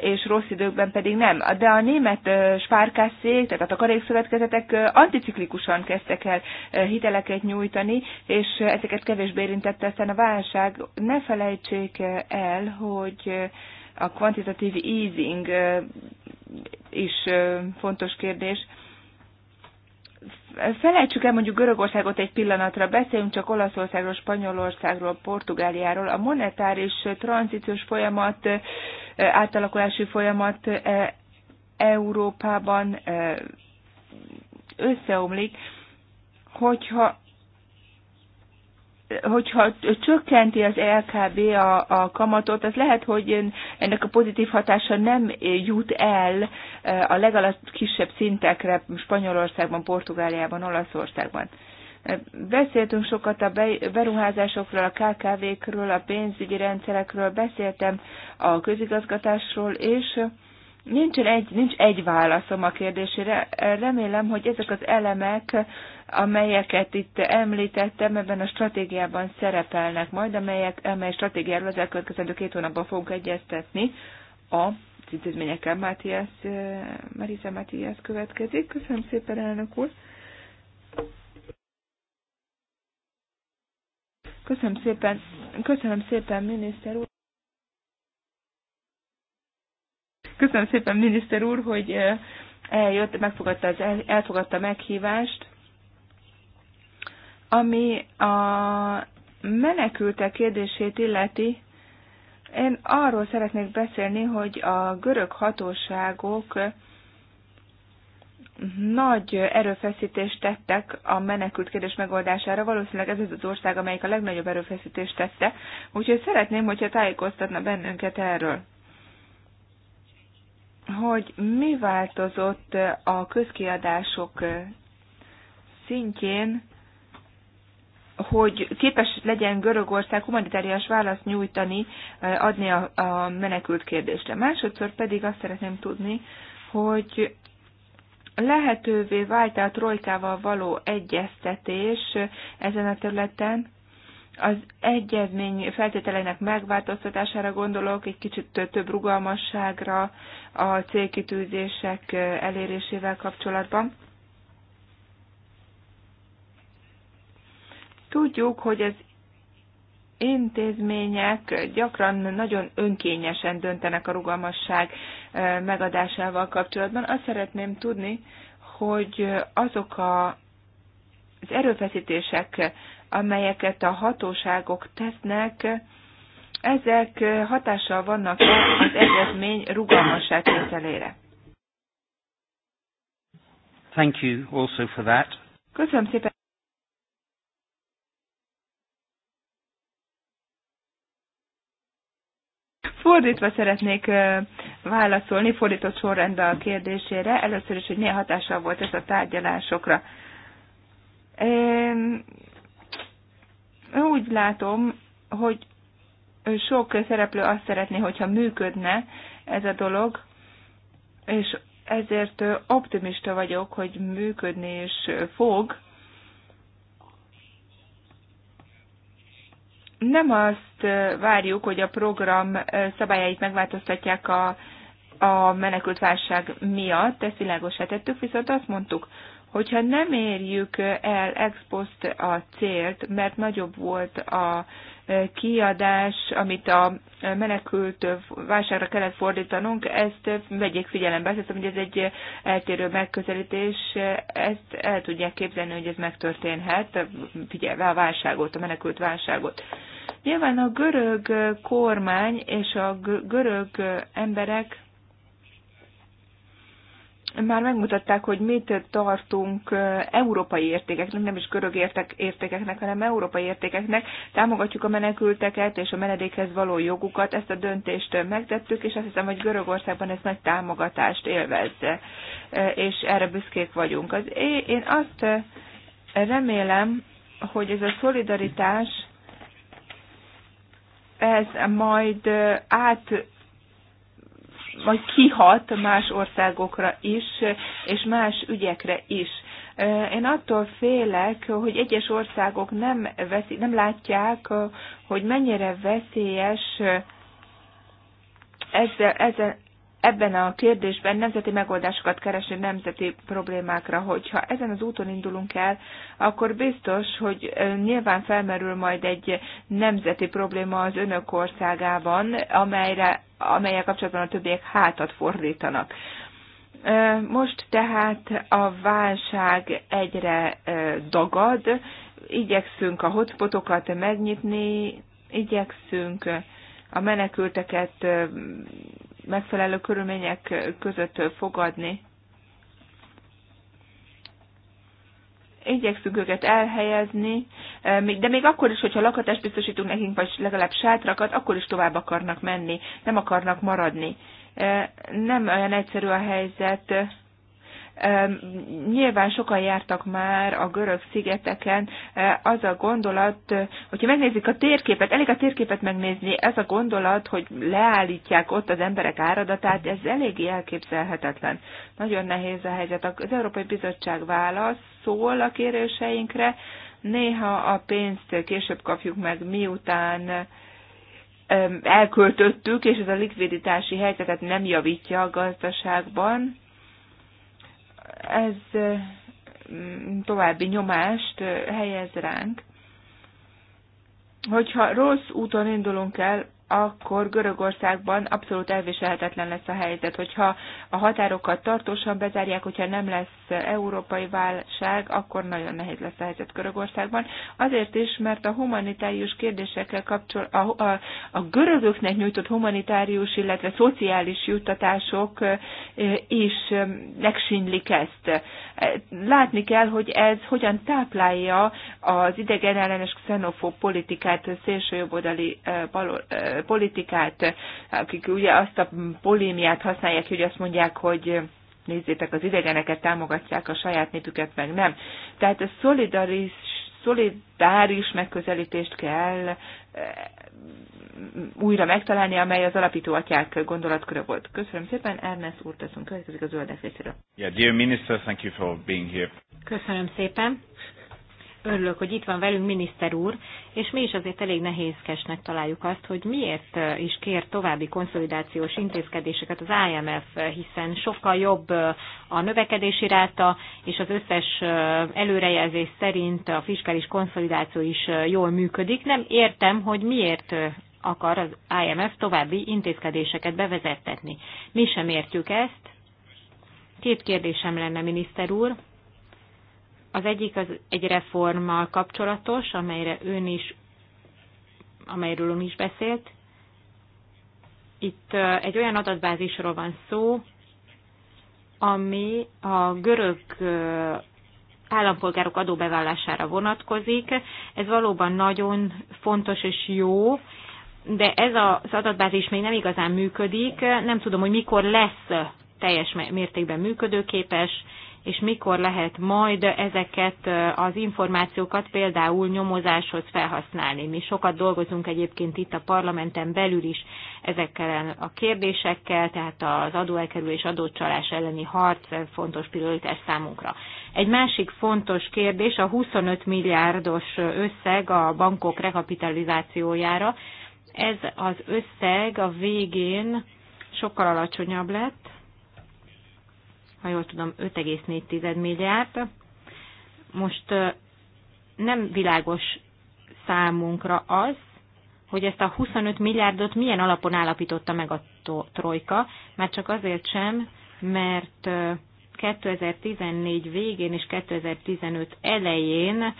és rossz időkben pedig nem. De a német spárkászék, tehát a takarékszövetkezetek anticiklikusan kezdtek el hiteleket nyújtani, és ezeket kevésbé érintette aztán a válság. Ne felejtsék el, hogy a quantitative easing is fontos kérdés Felejtsük el mondjuk Görögországot egy pillanatra, beszéljünk csak Olaszországról, Spanyolországról, Portugáliáról. A monetáris tranzíciós folyamat, átalakulási folyamat Európában összeomlik, hogyha hogyha csökkenti az LKB a, a kamatot, az lehet, hogy ennek a pozitív hatása nem jut el eh, a legalább kisebb szintekre Spanyolországban, Portugáliában, Olaszországban. Eh, beszéltünk sokat a beruházásokról, a KKV-kről, a pénzügyi rendszerekről, beszéltem a közigazgatásról, és Nincs egy, nincs egy válaszom a kérdésére. Remélem, hogy ezek az elemek, amelyeket itt említettem, ebben a stratégiában szerepelnek majd, amelyek, amely stratégiáról az elkövetkezendő két hónapban fogunk egyeztetni a intézményekkel. Mátiás, eh, Marisa Mátiás következik. Köszönöm szépen, elnök úr. Köszönöm szépen, köszönöm szépen, miniszter úr. Köszönöm szépen, miniszter úr, hogy eh, eljött, megfogadta az, elfogadta a meghívást. Ami a menekültek kérdését illeti, én arról szeretnék beszélni, hogy a görög hatóságok nagy erőfeszítést tettek a menekült kérdés megoldására. Valószínűleg ez az az ország, amelyik a legnagyobb erőfeszítést tette. Úgyhogy szeretném, hogyha tájékoztatna bennünket erről hogy mi változott a közkiadások szintjén, hogy képes legyen Görögország humanitárias választ nyújtani, adni a, a menekült kérdésre. Másodszor pedig azt szeretném tudni, hogy lehetővé vált -e a trojkával való egyeztetés ezen a területen, az egyezmény feltételeinek megváltoztatására gondolok, egy kicsit több rugalmasságra a célkitűzések elérésével kapcsolatban. Tudjuk, hogy az intézmények gyakran nagyon önkényesen döntenek a rugalmasság e, megadásával kapcsolatban. Azt szeretném tudni, hogy azok a, az erőfeszítések, amelyeket a hatóságok tesznek, ezek hatással vannak az egyezmény rugalmasság tételére. Thank you also for that. Köszönöm szépen. Fordítva szeretnék válaszolni, fordított sorrendben a kérdésére. Először is, hogy milyen hatással volt ez a tárgyalásokra. Úgy látom, hogy sok szereplő azt szeretné, hogyha működne ez a dolog, és ezért optimista vagyok, hogy működni is fog. Nem azt várjuk, hogy a program szabályait megváltoztatják a, a menekültválság miatt, ezt világosá tettük, viszont azt mondtuk, Hogyha nem érjük el ex post a célt, mert nagyobb volt a e, kiadás, amit a menekült válságra kellett fordítanunk, ezt vegyék figyelembe. Azt hiszem, hogy ez egy eltérő megközelítés, ezt el tudják képzelni, hogy ez megtörténhet, figyelve a válságot, a menekült válságot. Nyilván a görög kormány és a görög emberek már megmutatták, hogy mit tartunk európai értékeknek, nem is görög értékeknek, hanem európai értékeknek. Támogatjuk a menekülteket és a menedékhez való jogukat, ezt a döntést megtettük, és azt hiszem, hogy Görögországban ez nagy támogatást élvez, és erre büszkék vagyunk. Az, én azt remélem, hogy ez a szolidaritás ez majd át vagy kihat más országokra is, és más ügyekre is. Én attól félek, hogy egyes országok nem, veszi, nem látják, hogy mennyire veszélyes ezzel, ezzel, ebben a kérdésben nemzeti megoldásokat keresni nemzeti problémákra, hogyha ezen az úton indulunk el, akkor biztos, hogy nyilván felmerül majd egy nemzeti probléma az önök országában, amelyre, amelyek kapcsolatban a többiek hátat fordítanak. Most tehát a válság egyre dagad, igyekszünk a hotspotokat megnyitni, igyekszünk a menekülteket megfelelő körülmények között fogadni. igyekszünk őket elhelyezni, de még akkor is, hogyha lakatást biztosítunk nekünk, vagy legalább sátrakat, akkor is tovább akarnak menni, nem akarnak maradni. Nem olyan egyszerű a helyzet, Nyilván sokan jártak már a görög szigeteken. Az a gondolat, hogyha megnézik a térképet, elég a térképet megnézni, ez a gondolat, hogy leállítják ott az emberek áradatát, ez eléggé elképzelhetetlen. Nagyon nehéz a helyzet. Az Európai Bizottság válasz szól a kéréseinkre, néha a pénzt később kapjuk meg, miután elköltöttük, és ez a likviditási helyzetet nem javítja a gazdaságban ez mm, további nyomást helyez ránk. Hogyha rossz úton indulunk el, akkor Görögországban abszolút elviselhetetlen lesz a helyzet, hogyha a határokat tartósan bezárják, hogyha nem lesz európai válság, akkor nagyon nehéz lesz a helyzet Görögországban. Azért is, mert a humanitárius kérdésekkel kapcsol, a, a, a görögöknek nyújtott humanitárius, illetve szociális juttatások is megsínlik ezt. Látni kell, hogy ez hogyan táplálja az idegenellenes xenofób politikát szélsőjobboldali bal politikát, akik ugye azt a polémiát használják, hogy azt mondják, hogy nézzétek, az idegeneket támogatják, a saját népüket meg nem. Tehát a szolidaris, szolidáris megközelítést kell eh, újra megtalálni, amely az alapító atyák gondolatköre volt. Köszönöm szépen, Ernest úr, teszünk következik a zöldek részéről. Yeah, dear minister, thank you for being here. Köszönöm szépen örülök, hogy itt van velünk miniszter úr, és mi is azért elég nehézkesnek találjuk azt, hogy miért eh, is kér további konszolidációs intézkedéseket az IMF, eh, hiszen sokkal jobb eh, a növekedési ráta, és az összes előrejelzés szerint a fiskális konszolidáció is jól működik. Nem értem, hogy miért akar az IMF további intézkedéseket bevezettetni. Mi sem értjük ezt. Két kérdésem lenne, miniszter úr. Az egyik az egy reformmal kapcsolatos, amelyre ön is, amelyről ön is beszélt. Itt egy olyan adatbázisról van szó, ami a görög állampolgárok adóbevállására vonatkozik. Ez valóban nagyon fontos és jó, de ez az adatbázis még nem igazán működik. Nem tudom, hogy mikor lesz teljes mértékben működőképes, és mikor lehet majd ezeket az információkat például nyomozáshoz felhasználni. Mi sokat dolgozunk egyébként itt a parlamenten belül is ezekkel a kérdésekkel, tehát az adóelkerülés, adócsalás elleni harc fontos prioritás számunkra. Egy másik fontos kérdés a 25 milliárdos összeg a bankok rekapitalizációjára. Ez az összeg a végén sokkal alacsonyabb lett, ha jól tudom, 5,4 milliárd. Most nem világos számunkra az, hogy ezt a 25 milliárdot milyen alapon állapította meg a trojka, mert csak azért sem, mert 2014 végén és 2015 elején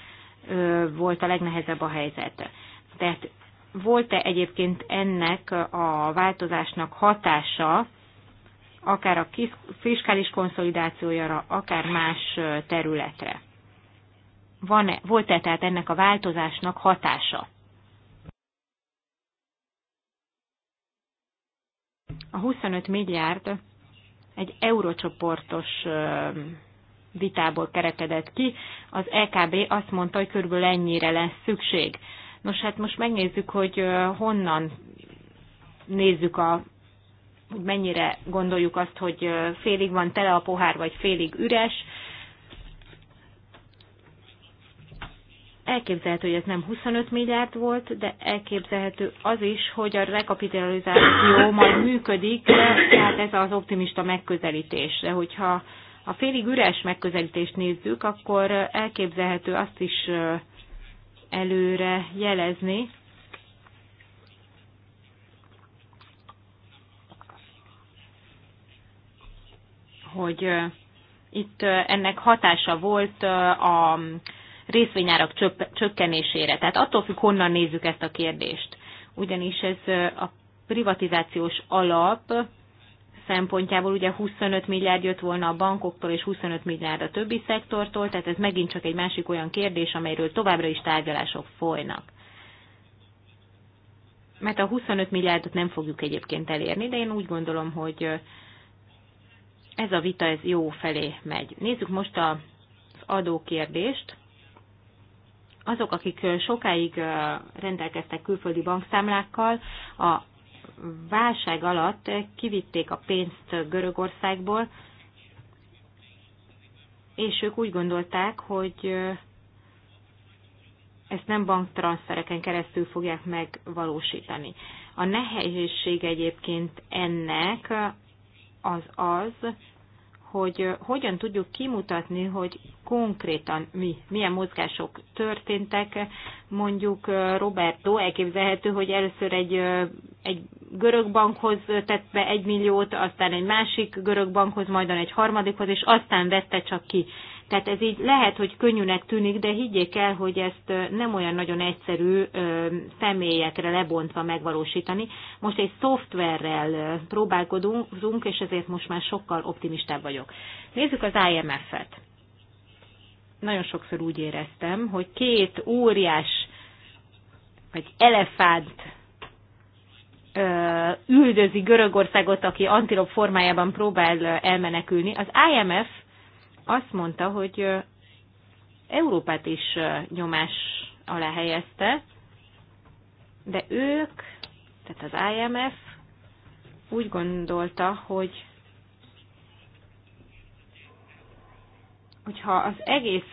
volt a legnehezebb a helyzet. Tehát volt-e egyébként ennek a változásnak hatása akár a fiskális konszolidációjára, akár más területre. Van-e, volt-e tehát ennek a változásnak hatása? A 25 milliárd egy eurócsoportos vitából kerekedett ki. Az EKB azt mondta, hogy körülbelül ennyire lesz szükség. Nos, hát most megnézzük, hogy honnan nézzük a hogy mennyire gondoljuk azt, hogy félig van tele a pohár, vagy félig üres. Elképzelhető, hogy ez nem 25 milliárd volt, de elképzelhető az is, hogy a rekapitalizáció majd működik, tehát ez az optimista megközelítés. De hogyha a félig üres megközelítést nézzük, akkor elképzelhető azt is előre jelezni, hogy itt ennek hatása volt a részvényárak csökkenésére. Tehát attól függ, honnan nézzük ezt a kérdést. Ugyanis ez a privatizációs alap szempontjából ugye 25 milliárd jött volna a bankoktól, és 25 milliárd a többi szektortól, tehát ez megint csak egy másik olyan kérdés, amelyről továbbra is tárgyalások folynak. Mert a 25 milliárdot nem fogjuk egyébként elérni, de én úgy gondolom, hogy ez a vita ez jó felé megy. Nézzük most az adókérdést. Azok, akik sokáig rendelkeztek külföldi bankszámlákkal, a válság alatt kivitték a pénzt Görögországból, és ők úgy gondolták, hogy ezt nem banktranszfereken keresztül fogják megvalósítani. A nehézség egyébként ennek az az, hogy hogyan tudjuk kimutatni, hogy konkrétan mi, milyen mozgások történtek. Mondjuk Roberto elképzelhető, hogy először egy, egy görög bankhoz tett be egy milliót, aztán egy másik görög bankhoz, majd egy harmadikhoz, és aztán vette csak ki tehát ez így lehet, hogy könnyűnek tűnik, de higgyék el, hogy ezt nem olyan nagyon egyszerű személyekre lebontva megvalósítani. Most egy szoftverrel próbálkozunk, és ezért most már sokkal optimistább vagyok. Nézzük az IMF-et. Nagyon sokszor úgy éreztem, hogy két óriás, vagy elefánt üldözi Görögországot, aki antilop formájában próbál elmenekülni. Az IMF azt mondta, hogy Európát is nyomás alá helyezte, de ők, tehát az IMF úgy gondolta, hogy hogyha az egész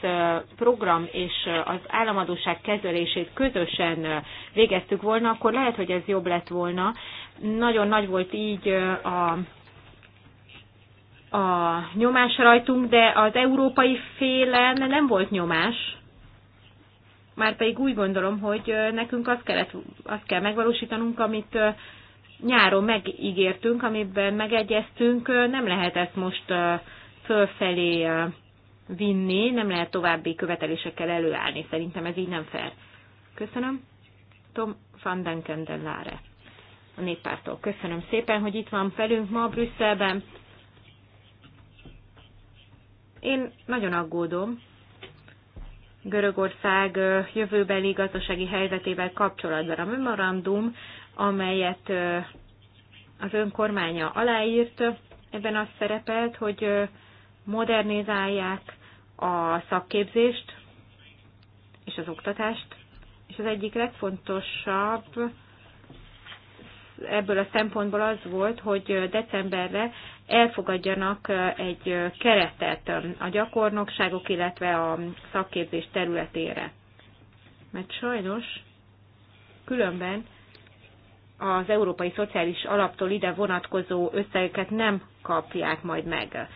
program és az államadóság kezelését közösen végeztük volna, akkor lehet, hogy ez jobb lett volna. Nagyon nagy volt így a a nyomás rajtunk, de az európai félen nem volt nyomás. Márpedig úgy gondolom, hogy nekünk azt, kellett, azt kell megvalósítanunk, amit nyáron megígértünk, amiben megegyeztünk, nem lehet ezt most fölfelé vinni, nem lehet további követelésekkel előállni. Szerintem ez így nem fel. Köszönöm. Tom van Denkendelláre a néppártól. Köszönöm szépen, hogy itt van velünk ma Brüsszelben. Én nagyon aggódom Görögország jövőbeli gazdasági helyzetével kapcsolatban. A memorandum, amelyet az önkormánya aláírt, ebben az szerepelt, hogy modernizálják a szakképzést és az oktatást, és az egyik legfontosabb ebből a szempontból az volt, hogy decemberre elfogadjanak egy keretet a gyakornokságok, illetve a szakképzés területére. Mert sajnos különben az Európai Szociális Alaptól ide vonatkozó összegeket nem kapják majd meg.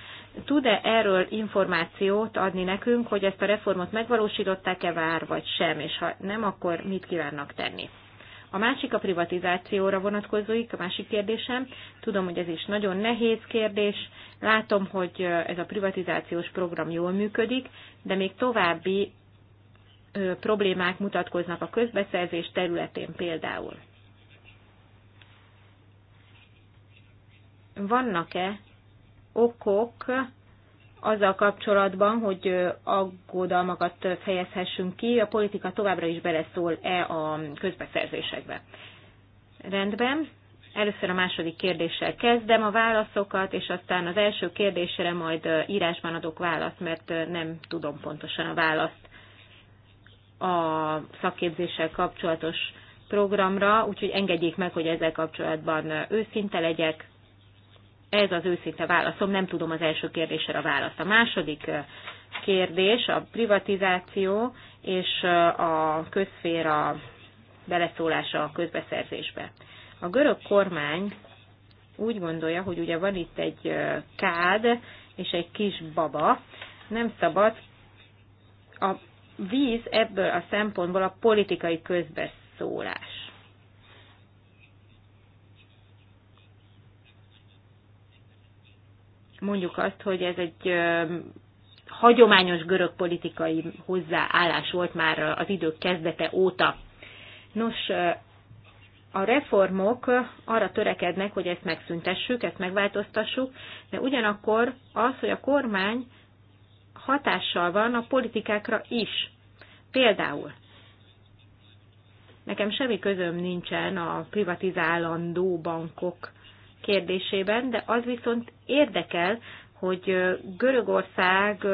Tud-e erről információt adni nekünk, hogy ezt a reformot megvalósították-e vár, vagy sem, és ha nem, akkor mit kívánnak tenni? A másik a privatizációra vonatkozóik, a másik kérdésem. Tudom, hogy ez is nagyon nehéz kérdés. Látom, hogy ez a privatizációs program jól működik, de még további problémák mutatkoznak a közbeszerzés területén például. Vannak-e okok azzal kapcsolatban, hogy aggodalmakat fejezhessünk ki, a politika továbbra is beleszól-e a közbeszerzésekbe. Rendben. Először a második kérdéssel kezdem a válaszokat, és aztán az első kérdésre majd írásban adok választ, mert nem tudom pontosan a választ a szakképzéssel kapcsolatos programra, úgyhogy engedjék meg, hogy ezzel kapcsolatban őszinte legyek, ez az őszinte válaszom, nem tudom az első kérdésre a választ. A második kérdés a privatizáció és a közféra beleszólása a közbeszerzésbe. A görög kormány úgy gondolja, hogy ugye van itt egy kád és egy kis baba, nem szabad a víz ebből a szempontból a politikai közbeszólás. mondjuk azt, hogy ez egy hagyományos görög politikai hozzáállás volt már az idők kezdete óta. Nos, a reformok arra törekednek, hogy ezt megszüntessük, ezt megváltoztassuk, de ugyanakkor az, hogy a kormány hatással van a politikákra is. Például nekem semmi közöm nincsen a privatizálandó bankok kérdésében, de az viszont érdekel, hogy Görögország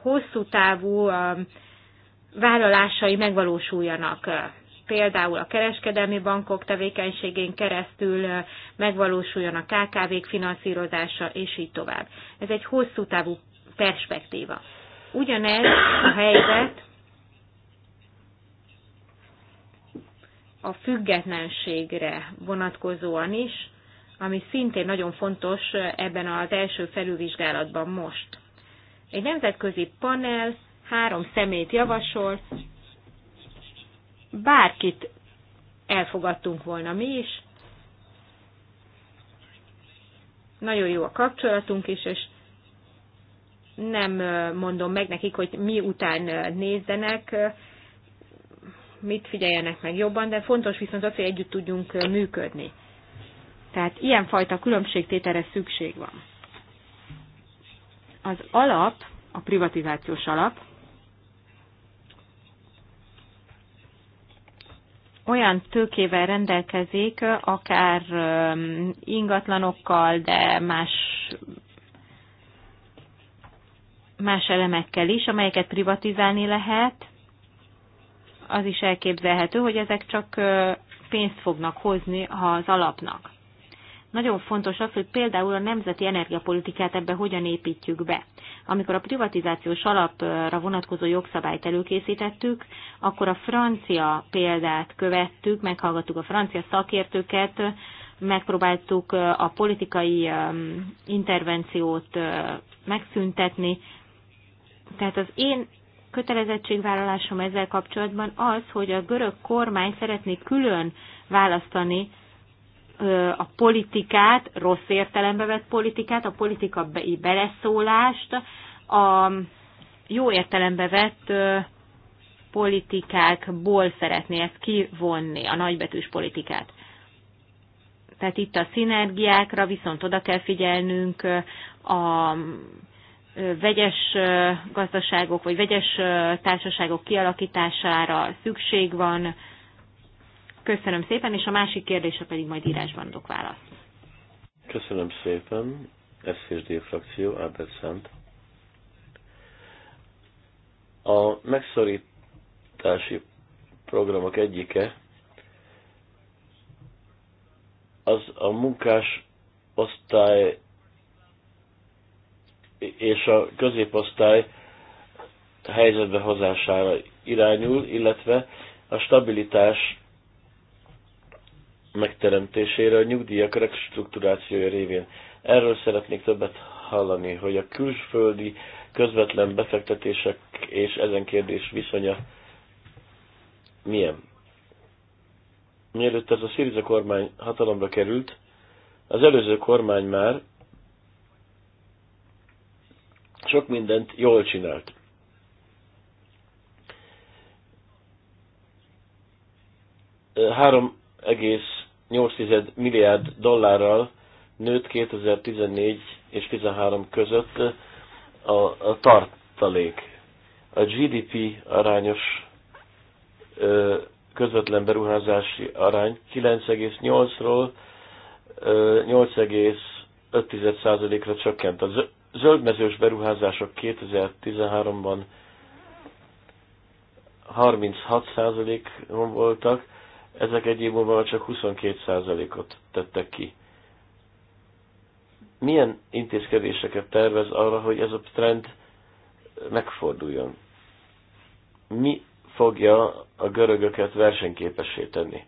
hosszú távú vállalásai megvalósuljanak. Például a kereskedelmi bankok tevékenységén keresztül megvalósuljon a KKV-k finanszírozása, és így tovább. Ez egy hosszú távú perspektíva. Ugyanez a helyzet a függetlenségre vonatkozóan is, ami szintén nagyon fontos ebben az első felülvizsgálatban most. Egy nemzetközi panel három szemét javasol, bárkit elfogadtunk volna mi is, nagyon jó a kapcsolatunk is, és nem mondom meg nekik, hogy mi után nézzenek, mit figyeljenek meg jobban, de fontos viszont az, hogy együtt tudjunk működni. Tehát ilyenfajta különbségtételre szükség van. Az alap, a privatizációs alap, olyan tőkével rendelkezik, akár ingatlanokkal, de más, más elemekkel is, amelyeket privatizálni lehet. Az is elképzelhető, hogy ezek csak pénzt fognak hozni az alapnak. Nagyon fontos az, hogy például a nemzeti energiapolitikát ebbe hogyan építjük be. Amikor a privatizációs alapra vonatkozó jogszabályt előkészítettük, akkor a francia példát követtük, meghallgattuk a francia szakértőket, megpróbáltuk a politikai intervenciót megszüntetni. Tehát az én kötelezettségvállalásom ezzel kapcsolatban az, hogy a görög kormány szeretné külön választani a politikát, rossz értelembe vett politikát, a politikai beleszólást, a jó értelembe vett politikákból szeretné ezt kivonni, a nagybetűs politikát. Tehát itt a szinergiákra viszont oda kell figyelnünk, a vegyes gazdaságok vagy vegyes társaságok kialakítására szükség van, Köszönöm szépen, és a másik kérdése pedig majd írásban adok választ. Köszönöm szépen. SZSD frakció, Albert Szent. A megszorítási programok egyike az a munkás osztály és a középosztály helyzetbe hozására irányul, illetve a stabilitás megteremtésére a nyugdíjak restruktúrációja révén. Erről szeretnék többet hallani, hogy a külföldi közvetlen befektetések és ezen kérdés viszonya milyen. Mielőtt ez a Syriza kormány hatalomra került, az előző kormány már sok mindent jól csinált. Három egész 1,8 milliárd dollárral nőtt 2014 és 2013 között a, a tartalék. A GDP arányos ö, közvetlen beruházási arány 9,8-ról 8,5%-ra csökkent. A zöldmezős beruházások 2013-ban 36%-on voltak, ezek egy év múlva csak 22%-ot tettek ki. Milyen intézkedéseket tervez arra, hogy ez a trend megforduljon? Mi fogja a görögöket versenyképessé tenni?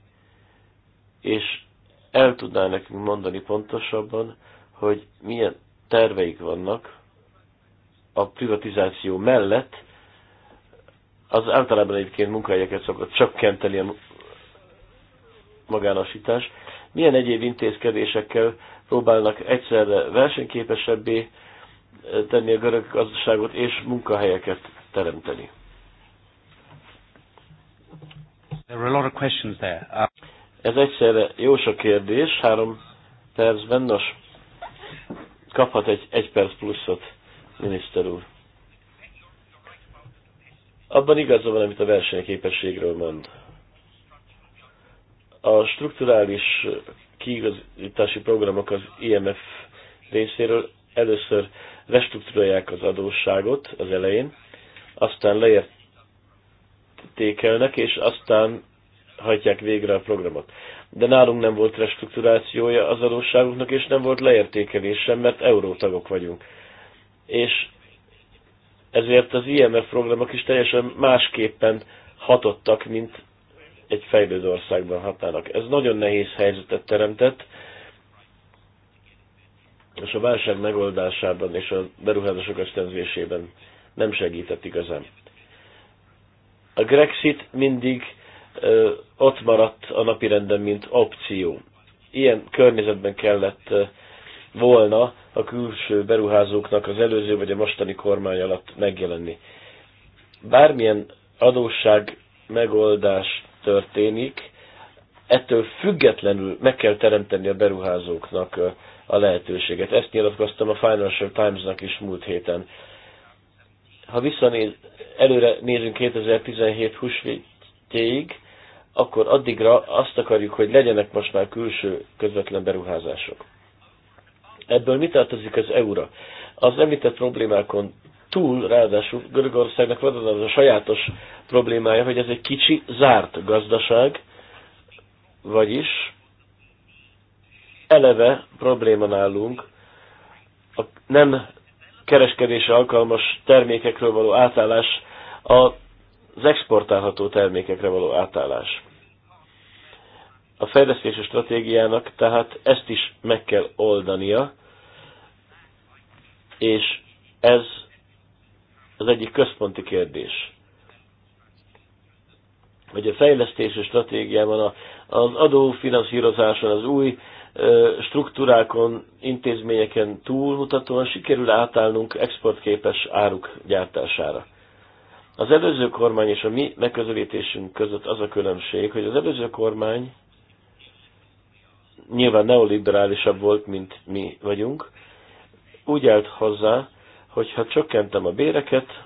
És el tudná nekünk mondani pontosabban, hogy milyen terveik vannak a privatizáció mellett, az általában egyébként munkahelyeket szokott csökkenteni a magánasítás, milyen egyéb intézkedésekkel próbálnak egyszerre versenyképesebbé tenni a görög gazdaságot és munkahelyeket teremteni. There were a lot of questions there. Uh... Ez egyszerre jó sok kérdés, három percben, nos, kaphat egy, egy perc pluszot, miniszter úr. Abban igaza van, amit a versenyképességről mond. A strukturális kiigazítási programok az IMF részéről először restruktúrálják az adósságot az elején, aztán leértékelnek, és aztán hajtják végre a programot. De nálunk nem volt restrukturációja az adósságoknak, és nem volt leértékelés mert eurótagok vagyunk. És ezért az IMF programok is teljesen másképpen hatottak, mint egy fejlődő országban hatának. Ez nagyon nehéz helyzetet teremtett, és a válság megoldásában és a beruházások ösztönzésében nem segített igazán. A Grexit mindig ö, ott maradt a napirenden, mint opció. Ilyen környezetben kellett ö, volna a külső beruházóknak az előző vagy a mostani kormány alatt megjelenni. Bármilyen adósság megoldás történik, ettől függetlenül meg kell teremteni a beruházóknak a lehetőséget. Ezt nyilatkoztam a Financial Times-nak is múlt héten. Ha visszanéz, előre nézünk 2017 húsvétjéig, akkor addigra azt akarjuk, hogy legyenek most már külső közvetlen beruházások. Ebből mi tartozik az EU-ra? Az említett problémákon túl, ráadásul Görögországnak van az a sajátos problémája, hogy ez egy kicsi, zárt gazdaság, vagyis eleve probléma nálunk a nem kereskedése alkalmas termékekről való átállás az exportálható termékekre való átállás. A fejlesztési stratégiának tehát ezt is meg kell oldania, és ez az egyik központi kérdés. Hogy a fejlesztési stratégiában, az adófinanszírozáson, az új struktúrákon, intézményeken túlmutatóan sikerül átállnunk exportképes áruk gyártására. Az előző kormány és a mi megközelítésünk között az a különbség, hogy az előző kormány nyilván neoliberálisabb volt, mint mi vagyunk, úgy állt hozzá, hogyha csökkentem a béreket,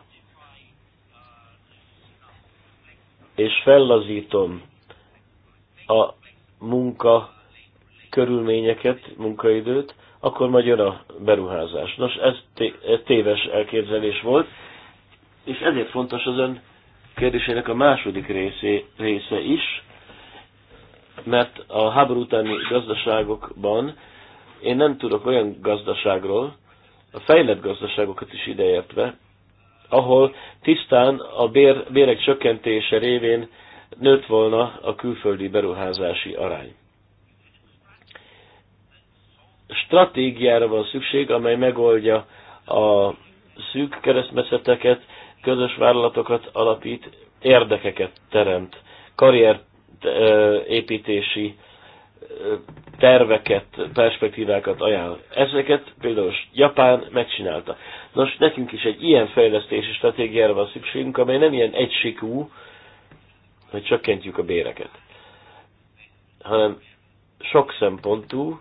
és fellazítom a munka körülményeket, munkaidőt, akkor majd jön a beruházás. Nos, ez téves elképzelés volt, és ezért fontos az ön kérdésének a második része, része is, mert a háború utáni gazdaságokban én nem tudok olyan gazdaságról, a fejlett gazdaságokat is ideértve, ahol tisztán a bér, bérek csökkentése révén nőtt volna a külföldi beruházási arány. Stratégiára van szükség, amely megoldja a szűk keresztmeszeteket, közös vállalatokat alapít, érdekeket teremt, eh, építési terveket, perspektívákat ajánl. Ezeket például Japán megcsinálta. Nos, nekünk is egy ilyen fejlesztési stratégiára van szükségünk, amely nem ilyen egysikú, hogy csökkentjük a béreket, hanem sok szempontú,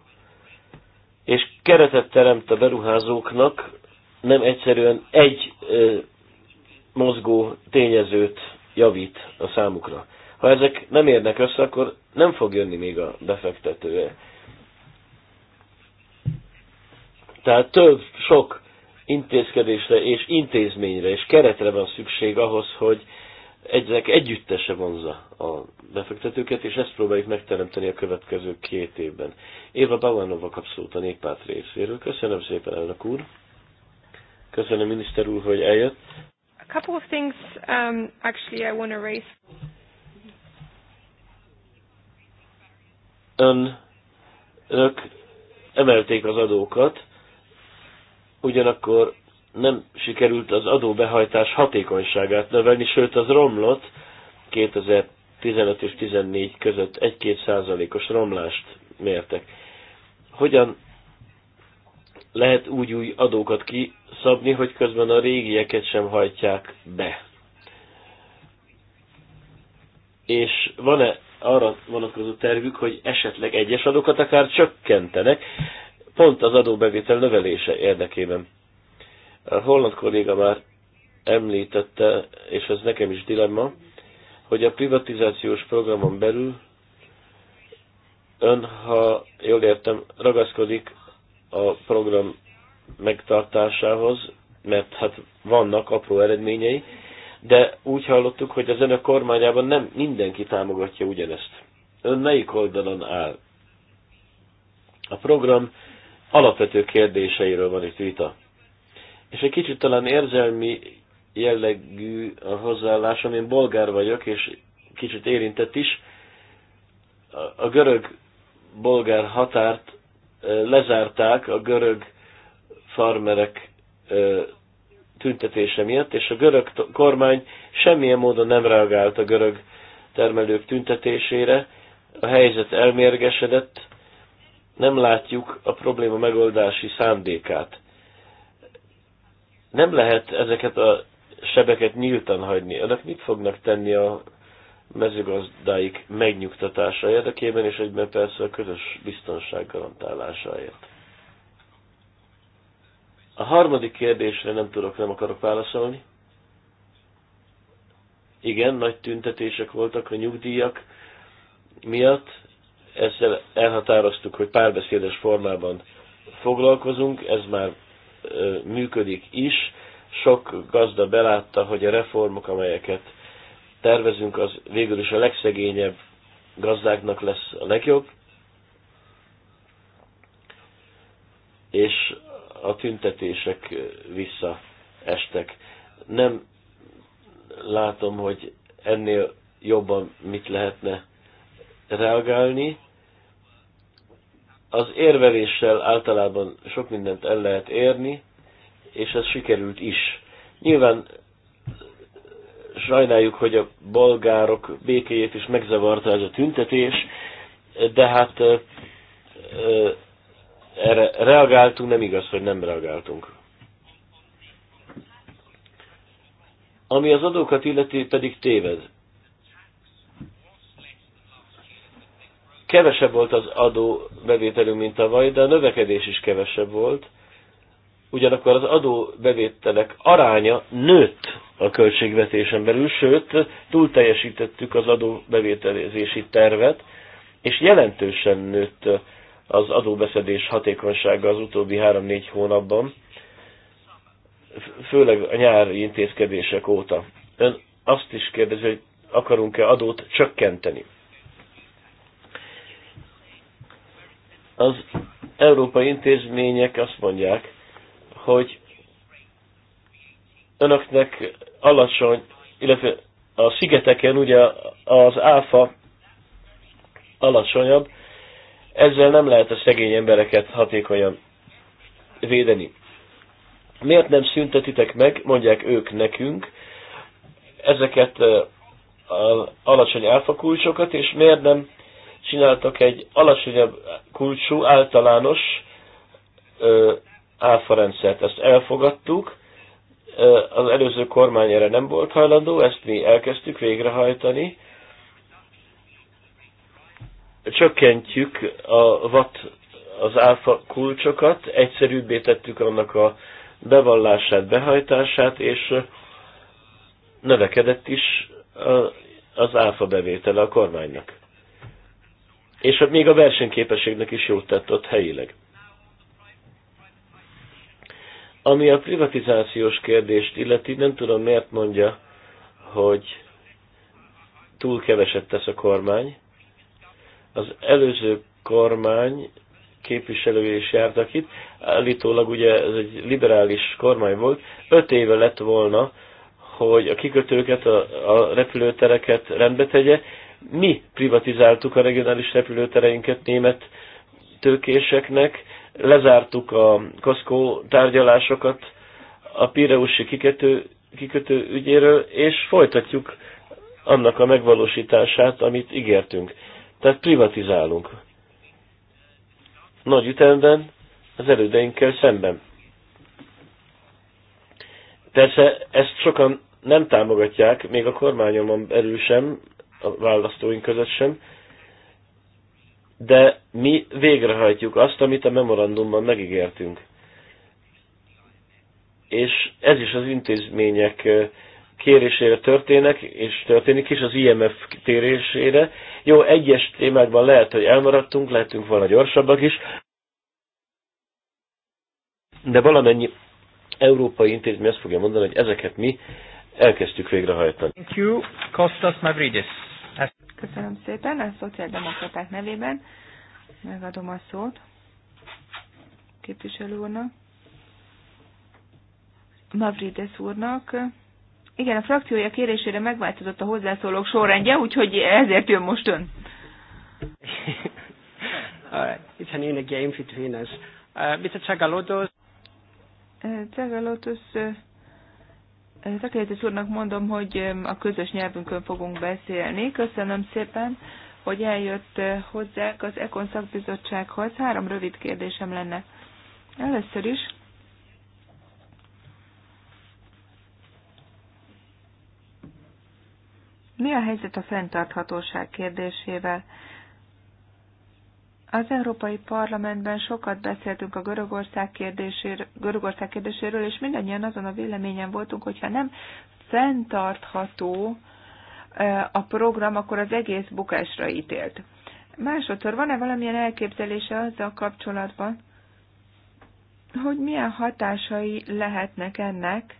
és keretet teremt a beruházóknak, nem egyszerűen egy ö, mozgó tényezőt javít a számukra. Ha ezek nem érnek össze, akkor nem fog jönni még a befektetője. Tehát több, sok intézkedésre és intézményre és keretre van szükség ahhoz, hogy ezek együttese vonza a befektetőket, és ezt próbáljuk megteremteni a következő két évben. Éva Bauanova kap a néppárt részéről. Köszönöm szépen, elnök úr. Köszönöm, miniszter úr, hogy eljött. A couple of things um, actually I want to raise. önök emelték az adókat, ugyanakkor nem sikerült az adóbehajtás hatékonyságát növelni, sőt az romlott 2015 és 2014 között 1-2 százalékos romlást mértek. Hogyan lehet úgy új adókat kiszabni, hogy közben a régieket sem hajtják be? És van-e arra vonatkozó tervük, hogy esetleg egyes adókat akár csökkentenek, pont az adóbevétel növelése érdekében. A holland kolléga már említette, és ez nekem is dilemma, hogy a privatizációs programon belül ön, ha jól értem, ragaszkodik a program megtartásához, mert hát vannak apró eredményei, de úgy hallottuk, hogy az önök kormányában nem mindenki támogatja ugyanezt. Ön melyik oldalon áll? A program alapvető kérdéseiről van itt vita. És egy kicsit talán érzelmi jellegű a hozzáállásom, én bolgár vagyok, és kicsit érintett is. A görög-bolgár határt lezárták a görög farmerek tüntetése miatt, és a görög kormány semmilyen módon nem reagált a görög termelők tüntetésére, a helyzet elmérgesedett, nem látjuk a probléma megoldási szándékát. Nem lehet ezeket a sebeket nyíltan hagyni. Önök mit fognak tenni a mezőgazdáik megnyugtatása érdekében, és egyben persze a közös biztonság garantálásáért? A harmadik kérdésre nem tudok, nem akarok válaszolni. Igen, nagy tüntetések voltak a nyugdíjak miatt. Ezzel elhatároztuk, hogy párbeszédes formában foglalkozunk, ez már ö, működik is. Sok gazda belátta, hogy a reformok, amelyeket tervezünk, az végül is a legszegényebb gazdáknak lesz a legjobb. És a tüntetések visszaestek. Nem látom, hogy ennél jobban mit lehetne reagálni. Az érveléssel általában sok mindent el lehet érni, és ez sikerült is. Nyilván sajnáljuk, hogy a bolgárok békéjét is megzavarta ez a tüntetés, de hát erre reagáltunk, nem igaz, hogy nem reagáltunk. Ami az adókat illeti, pedig téved. Kevesebb volt az adó bevételünk, mint tavaly, de a növekedés is kevesebb volt. Ugyanakkor az adó bevételek aránya nőtt a költségvetésen belül, sőt, túl teljesítettük az adó bevételezési tervet, és jelentősen nőtt az adóbeszedés hatékonysága az utóbbi három-négy hónapban, főleg a nyári intézkedések óta. Ön azt is kérdezi, hogy akarunk-e adót csökkenteni. Az európai intézmények azt mondják, hogy önöknek alacsony, illetve a szigeteken ugye az áfa alacsonyabb, ezzel nem lehet a szegény embereket hatékonyan védeni. Miért nem szüntetitek meg, mondják ők nekünk, ezeket az alacsony áfa és miért nem csináltak egy alacsonyabb kulcsú általános ö, áfarendszert. Ezt elfogadtuk, az előző kormány erre nem volt hajlandó, ezt mi elkezdtük végrehajtani, csökkentjük a VAT az áfa kulcsokat, egyszerűbbé tettük annak a bevallását, behajtását, és növekedett is az áfa bevétele a kormánynak. És hát még a versenyképességnek is jót tett ott helyileg. Ami a privatizációs kérdést illeti, nem tudom miért mondja, hogy túl keveset tesz a kormány. Az előző kormány képviselője is jártak itt, állítólag ugye ez egy liberális kormány volt, öt éve lett volna, hogy a kikötőket, a, a repülőtereket rendbe tegye. Mi privatizáltuk a regionális repülőtereinket német tőkéseknek, lezártuk a Costco tárgyalásokat a Pireusi kikötő, kikötő ügyéről, és folytatjuk annak a megvalósítását, amit ígértünk. Tehát privatizálunk. Nagy ütemben az erődeinkkel szemben. Persze ezt sokan nem támogatják, még a kormányomon belül sem, a választóink között sem, de mi végrehajtjuk azt, amit a memorandumban megígértünk. És ez is az intézmények kérésére történnek, és történik is az IMF térésére. Jó, egyes témákban lehet, hogy elmaradtunk, lehetünk volna gyorsabbak is, de valamennyi európai intézmény azt fogja mondani, hogy ezeket mi elkezdtük végrehajtani. Thank you, Kostas Mavridis. Köszönöm szépen, a szociáldemokraták nevében megadom a szót képviselő úrnak, Mavrides úrnak. Igen, a frakciója kérésére megváltozott a hozzászólók sorrendje, úgyhogy ezért jön most ön. it's an a game between us. Uh, Mr. Csagalotos. Csagalotos, uh, uh, uh, Takéletes úrnak mondom, hogy um, a közös nyelvünkön fogunk beszélni. Köszönöm szépen, hogy eljött hozzák az Ekon szakbizottsághoz. Három rövid kérdésem lenne. Először is, Mi a helyzet a fenntarthatóság kérdésével? Az Európai Parlamentben sokat beszéltünk a Görögország kérdéséről, Görögország kérdéséről, és mindannyian azon a véleményen voltunk, hogyha nem fenntartható a program, akkor az egész bukásra ítélt. Másodszor van-e valamilyen elképzelése azzal kapcsolatban, hogy milyen hatásai lehetnek ennek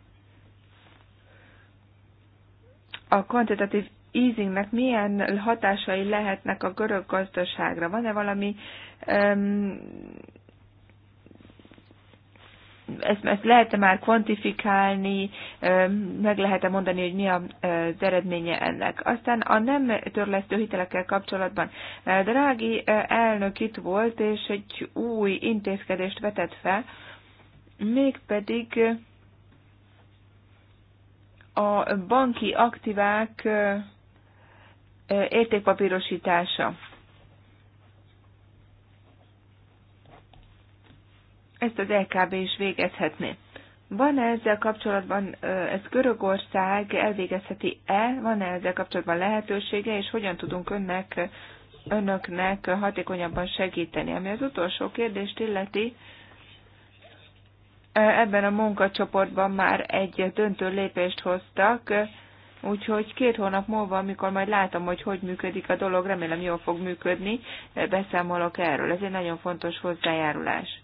a kvantitatív easingnek milyen hatásai lehetnek a görög gazdaságra? Van-e valami um, ezt, ezt lehet-e már kvantifikálni, meg lehet-e mondani, hogy mi e, az eredménye ennek. Aztán a nem törlesztő hitelekkel kapcsolatban e, Drági e, elnök itt volt, és egy új intézkedést vetett fel, mégpedig a banki aktívák értékpapírosítása. Ezt az LKB is végezhetné. Van-e ezzel kapcsolatban, ez Görögország elvégezheti-e, van-e ezzel kapcsolatban lehetősége, és hogyan tudunk önnek, önöknek hatékonyabban segíteni? Ami az utolsó kérdést illeti, ebben a munkacsoportban már egy döntő lépést hoztak, úgyhogy két hónap múlva, amikor majd látom, hogy hogy működik a dolog, remélem jól fog működni, beszámolok erről. Ez egy nagyon fontos hozzájárulás.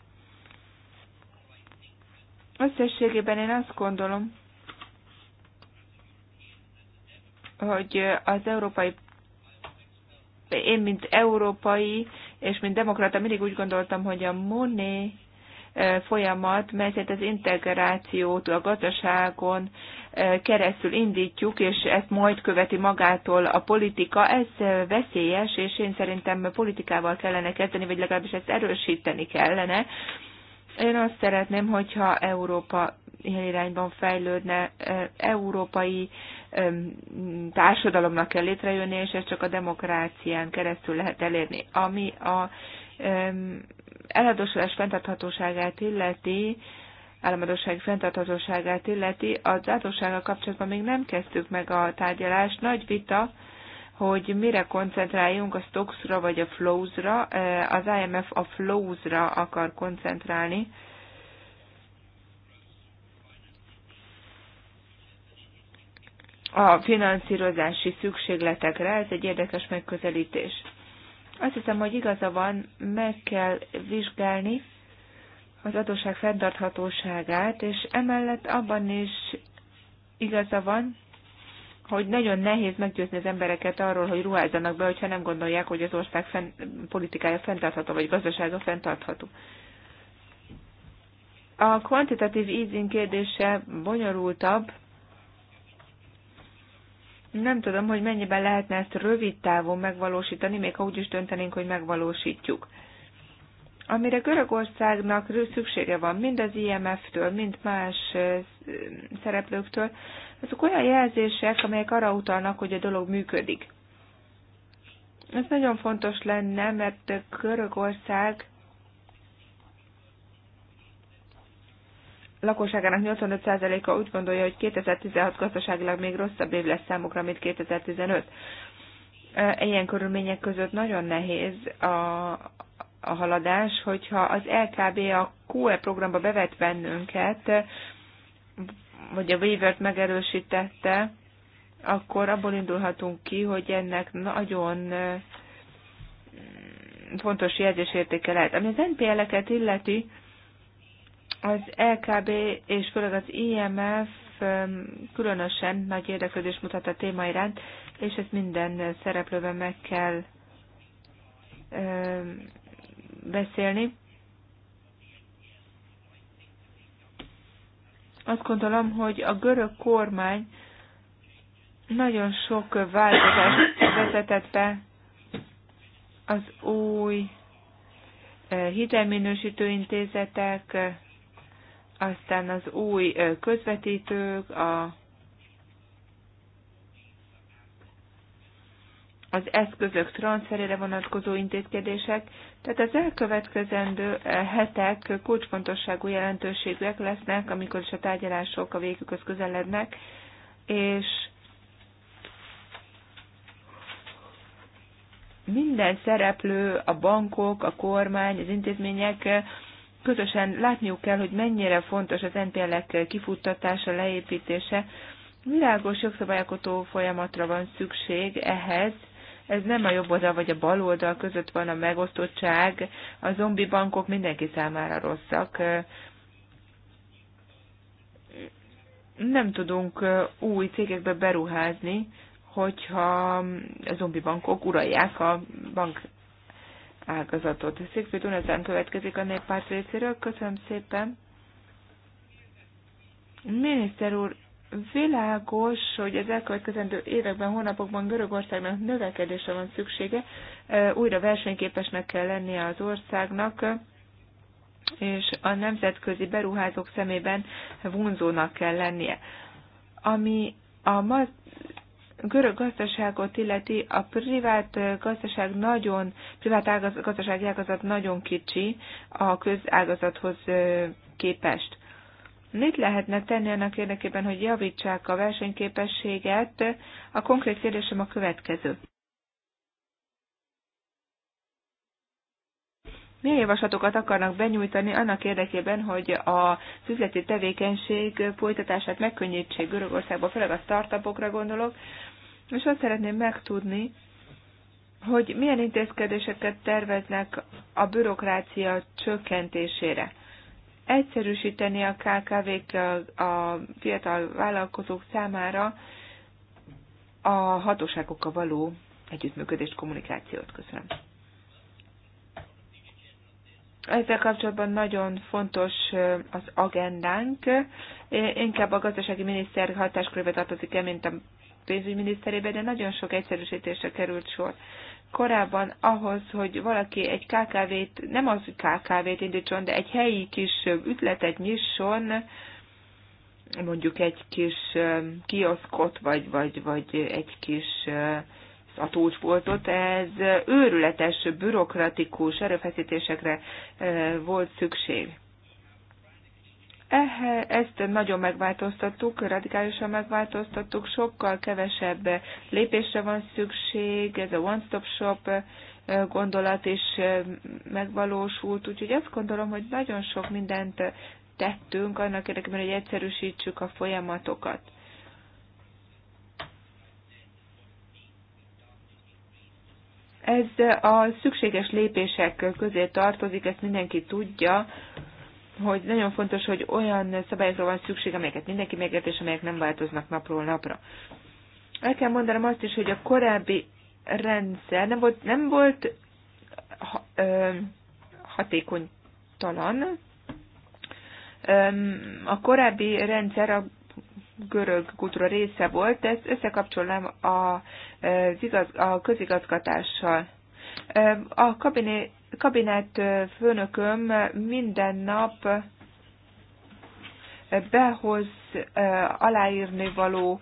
Összességében én azt gondolom, hogy az európai én, mint európai, és mint demokrata mindig úgy gondoltam, hogy a Monet folyamat, melyet az integrációt a gazdaságon keresztül indítjuk, és ezt majd követi magától a politika. Ez veszélyes, és én szerintem politikával kellene kezdeni, vagy legalábbis ezt erősíteni kellene. Én azt szeretném, hogyha Európa ilyen irányban fejlődne, európai társadalomnak kell létrejönni, és ezt csak a demokrácián keresztül lehet elérni. Ami a eladósulás fenntarthatóságát illeti, államadósági fenntarthatóságát illeti, az adóssággal kapcsolatban még nem kezdtük meg a tárgyalást. Nagy vita, hogy mire koncentráljunk, a stocksra vagy a flowsra. Eh, az IMF a flowsra akar koncentrálni. A finanszírozási szükségletekre ez egy érdekes megközelítés. Azt hiszem, hogy igaza van, meg kell vizsgálni az adóság fenntarthatóságát, és emellett abban is igaza van, hogy nagyon nehéz meggyőzni az embereket arról, hogy ruházzanak be, hogyha nem gondolják, hogy az ország fenn, politikája fenntartható, vagy gazdasága fenntartható. A kvantitatív easing kérdése bonyolultabb, nem tudom, hogy mennyiben lehetne ezt rövid távon megvalósítani, még ha úgy is döntenénk, hogy megvalósítjuk. Amire Görögországnak szüksége van, mind az IMF-től, mind más szereplőktől, azok olyan jelzések, amelyek arra utalnak, hogy a dolog működik. Ez nagyon fontos lenne, mert Görögország lakosságának 85%-a úgy gondolja, hogy 2016 gazdaságilag még rosszabb év lesz számukra, mint 2015. Ilyen körülmények között nagyon nehéz a, a haladás, hogyha az LKB a QE programba bevet bennünket, vagy a waivert megerősítette, akkor abból indulhatunk ki, hogy ennek nagyon fontos jelzésértéke lehet. Ami az NPL-eket illeti, az LKB és főleg az IMF különösen nagy érdeklődést mutat a téma iránt, és ezt minden szereplőben meg kell beszélni. Azt gondolom, hogy a görög kormány nagyon sok változást vezetett be az új hitelminősítő intézetek, aztán az új közvetítők, a, az eszközök transferére vonatkozó intézkedések, tehát az elkövetkezendő hetek kulcsfontosságú jelentőségűek lesznek, amikor is a tárgyalások a végükhöz közelednek, és minden szereplő, a bankok, a kormány, az intézmények közösen látniuk kell, hogy mennyire fontos az NPL-ek kifuttatása, leépítése. Világos jogszabályalkotó folyamatra van szükség ehhez, ez nem a jobb oldal vagy a bal oldal között van a megosztottság, a zombi bankok mindenki számára rosszak. Nem tudunk uh, új cégekbe beruházni, hogyha a zombi bankok uralják a bank ágazatot. Szigfried Unezán következik a néppárt részéről. Köszönöm szépen. Miniszter úr, világos, hogy az elkövetkezendő években, hónapokban Görögországnak növekedése van szüksége, újra versenyképesnek kell lennie az országnak, és a nemzetközi beruházók szemében vonzónak kell lennie. Ami a ma görög gazdaságot illeti, a privát gazdaság nagyon, privát ágaz, gazdasági ágazat nagyon kicsi a közágazathoz képest. Mit lehetne tenni annak érdekében, hogy javítsák a versenyképességet? A konkrét kérdésem a következő. Milyen javaslatokat akarnak benyújtani annak érdekében, hogy a üzleti tevékenység folytatását megkönnyítsék Görögországban, főleg a startupokra gondolok, és azt szeretném megtudni, hogy milyen intézkedéseket terveznek a bürokrácia csökkentésére. Egyszerűsíteni a KKV-k a fiatal vállalkozók számára a hatóságokkal való együttműködést, kommunikációt. Köszönöm. Ezzel kapcsolatban nagyon fontos az agendánk. Inkább a gazdasági miniszter hatáskörébe tartozik-e, mint a pénzügyminiszterébe, de nagyon sok egyszerűsítésre került sor. Korábban ahhoz, hogy valaki egy KKV-t, nem az, hogy KKV-t indítson, de egy helyi kis ütletet nyisson, mondjuk egy kis um, kioszkot, vagy, vagy, vagy egy kis uh, a ez őrületes, bürokratikus erőfeszítésekre uh, volt szükség. Ezt nagyon megváltoztattuk, radikálisan megváltoztattuk, sokkal kevesebb lépésre van szükség, ez a one-stop shop gondolat is megvalósult, úgyhogy azt gondolom, hogy nagyon sok mindent tettünk annak érdekében, hogy egyszerűsítsük a folyamatokat. Ez a szükséges lépések közé tartozik, ezt mindenki tudja, hogy nagyon fontos, hogy olyan szabályokra van szükség, amelyeket mindenki megért, és amelyek nem változnak napról napra. El kell mondanom azt is, hogy a korábbi rendszer nem volt, nem volt ha, ö, hatékonytalan. a korábbi rendszer a görög kultúra része volt, de ezt összekapcsolnám a, az igaz, a közigazgatással. A kabiné kabinett főnököm minden nap behoz aláírni való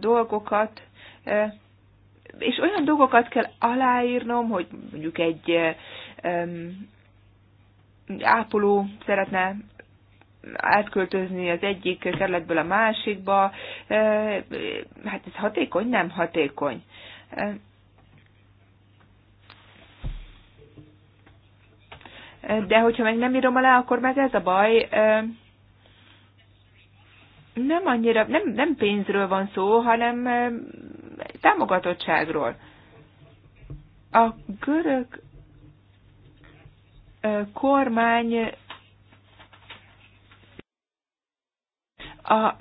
dolgokat, és olyan dolgokat kell aláírnom, hogy mondjuk egy ápoló szeretne átköltözni az egyik kerületből a másikba, hát ez hatékony, nem hatékony. de hogyha meg nem írom alá, akkor meg ez a baj. Nem annyira, nem, nem pénzről van szó, hanem támogatottságról. A görög kormány A,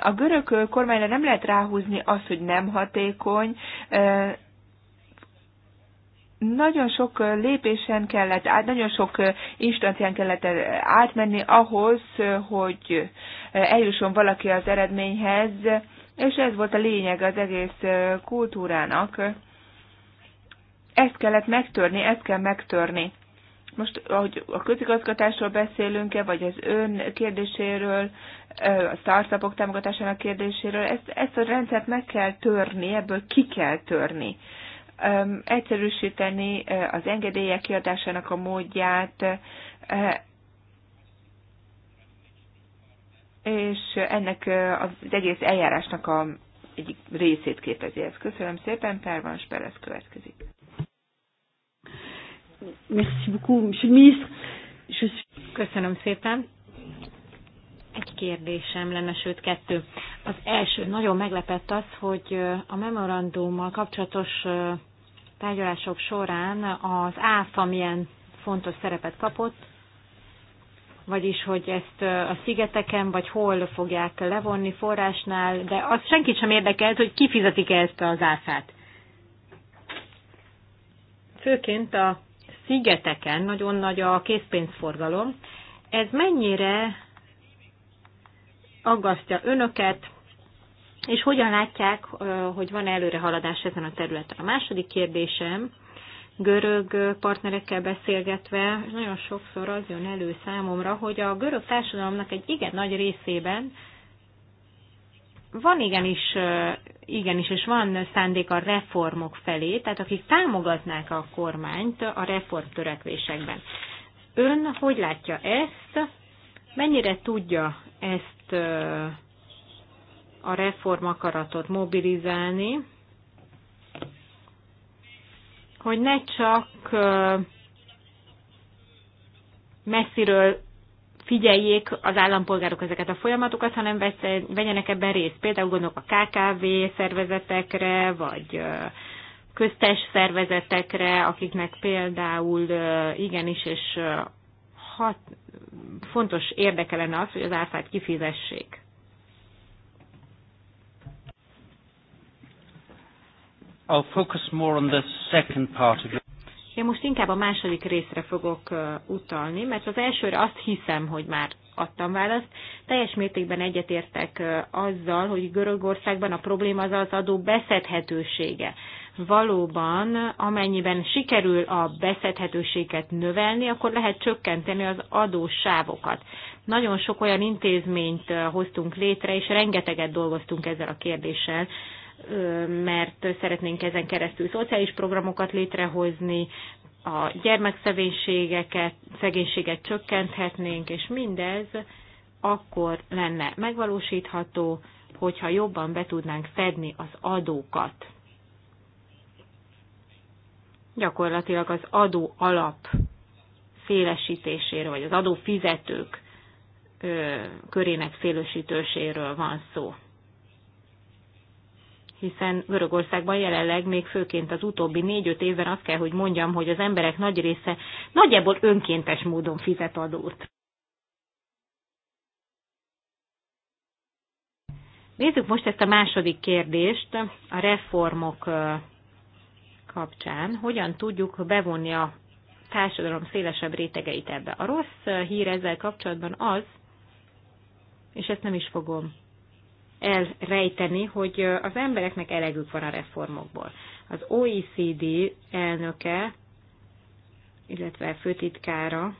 a görög kormányra nem lehet ráhúzni azt, hogy nem hatékony, nagyon sok lépésen kellett, át, nagyon sok instancián kellett átmenni ahhoz, hogy eljusson valaki az eredményhez, és ez volt a lényeg az egész kultúrának. Ezt kellett megtörni, ezt kell megtörni. Most, ahogy a közigazgatásról beszélünk-e, vagy az ön kérdéséről, a startupok támogatásának kérdéséről, ezt, ezt a rendszert meg kell törni, ebből ki kell törni egyszerűsíteni az engedélyek kiadásának a módját, és ennek az egész eljárásnak a egyik részét képezi ez. Köszönöm szépen, Pervan Sperez következik. Merci beaucoup, monsieur le ministre. Köszönöm szépen. Egy kérdésem lenne, sőt kettő. Az első, nagyon meglepett az, hogy a memorandummal kapcsolatos tárgyalások során az ÁFA milyen fontos szerepet kapott, vagyis hogy ezt a szigeteken, vagy hol fogják levonni forrásnál, de az senkit sem érdekelt, hogy kifizetik-e ezt az áfát. Főként a szigeteken nagyon nagy a készpénzforgalom. Ez mennyire aggasztja önöket, és hogyan látják, hogy van előre haladás ezen a területen. A második kérdésem, görög partnerekkel beszélgetve, nagyon sokszor az jön elő számomra, hogy a görög társadalomnak egy igen nagy részében van igenis, igenis, és van szándék a reformok felé, tehát akik támogatnák a kormányt a reform törekvésekben. Ön hogy látja ezt? Mennyire tudja ezt a reformakaratot mobilizálni, hogy ne csak messziről figyeljék az állampolgárok ezeket a folyamatokat, hanem vegyenek ebben részt. Például gondolok a KKV szervezetekre, vagy köztes szervezetekre, akiknek például igenis, és hat, fontos érdeke lenne az, hogy az áfát kifizessék. I'll focus more on the second part of your... Én most inkább a második részre fogok utalni, mert az elsőre azt hiszem, hogy már adtam választ. Teljes mértékben egyetértek azzal, hogy Görögországban a probléma az az adó beszedhetősége. Valóban, amennyiben sikerül a beszedhetőséget növelni, akkor lehet csökkenteni az adósávokat. Nagyon sok olyan intézményt hoztunk létre, és rengeteget dolgoztunk ezzel a kérdéssel mert szeretnénk ezen keresztül szociális programokat létrehozni, a gyermekszegénységeket szegénységet csökkenthetnénk, és mindez akkor lenne megvalósítható, hogyha jobban be tudnánk fedni az adókat. Gyakorlatilag az adó alap szélesítéséről, vagy az adófizetők fizetők körének szélesítéséről van szó hiszen Görögországban jelenleg még főként az utóbbi négy-öt évben azt kell, hogy mondjam, hogy az emberek nagy része nagyjából önkéntes módon fizet adót. Nézzük most ezt a második kérdést a reformok kapcsán. Hogyan tudjuk bevonni a társadalom szélesebb rétegeit ebbe? A rossz hír ezzel kapcsolatban az, és ezt nem is fogom elrejteni, hogy az embereknek elegük van a reformokból. Az OECD elnöke, illetve főtitkára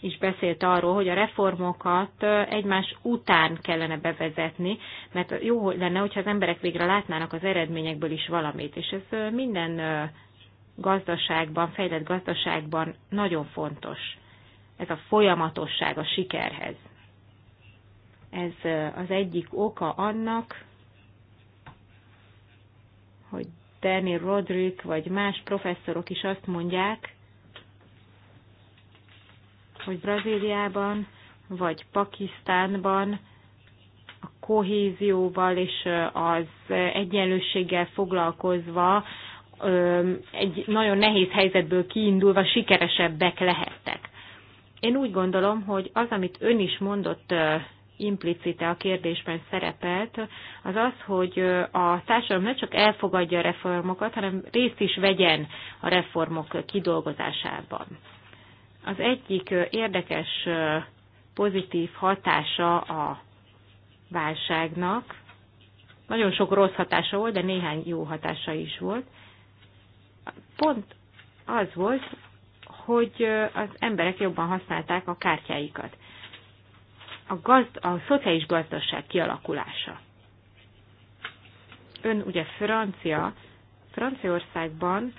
is beszélt arról, hogy a reformokat egymás után kellene bevezetni, mert jó lenne, hogyha az emberek végre látnának az eredményekből is valamit, és ez minden gazdaságban, fejlett gazdaságban nagyon fontos. Ez a folyamatosság a sikerhez. Ez az egyik oka annak, hogy Danny Roderick vagy más professzorok is azt mondják, hogy Brazíliában vagy Pakisztánban a kohézióval és az egyenlősséggel foglalkozva egy nagyon nehéz helyzetből kiindulva sikeresebbek lehettek. Én úgy gondolom, hogy az, amit ön is mondott implicite a kérdésben szerepelt, az az, hogy a társadalom ne csak elfogadja a reformokat, hanem részt is vegyen a reformok kidolgozásában. Az egyik érdekes pozitív hatása a válságnak, nagyon sok rossz hatása volt, de néhány jó hatása is volt, pont az volt, hogy az emberek jobban használták a kártyáikat a, gazd, a szociális gazdaság kialakulása. Ön ugye francia, Franciaországban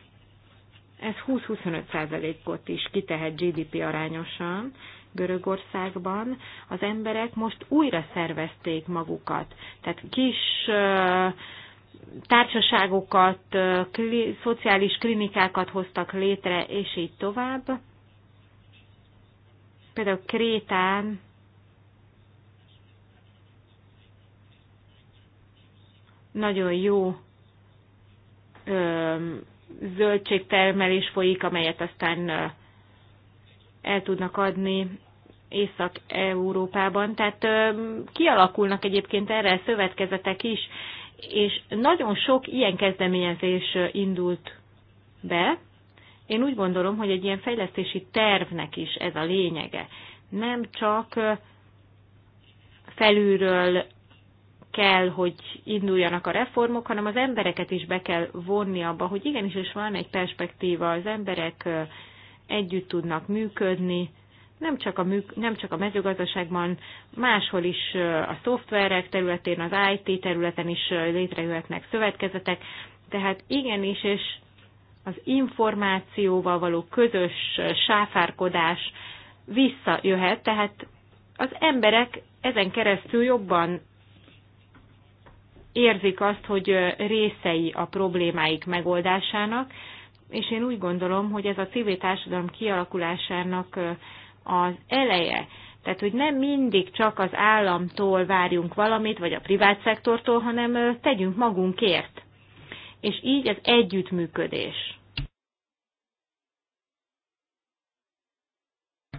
ez 20-25 ot is kitehet GDP arányosan, Görögországban az emberek most újra szervezték magukat. Tehát kis társaságokat, kli, szociális klinikákat hoztak létre, és így tovább. Például Krétán nagyon jó zöldségtermelés folyik, amelyet aztán el tudnak adni Észak-Európában. Tehát kialakulnak egyébként erre szövetkezetek is, és nagyon sok ilyen kezdeményezés indult be. Én úgy gondolom, hogy egy ilyen fejlesztési tervnek is ez a lényege. Nem csak felülről kell, hogy induljanak a reformok, hanem az embereket is be kell vonni abba, hogy igenis is van egy perspektíva, az emberek együtt tudnak működni, nem csak a, műk, nem csak a mezőgazdaságban, máshol is a szoftverek területén, az IT területen is létrejöhetnek szövetkezetek, tehát igenis, és az információval való közös sáfárkodás visszajöhet, tehát az emberek ezen keresztül jobban érzik azt, hogy részei a problémáik megoldásának, és én úgy gondolom, hogy ez a civil társadalom kialakulásának az eleje. Tehát, hogy nem mindig csak az államtól várjunk valamit, vagy a privát szektortól, hanem tegyünk magunkért. És így az együttműködés.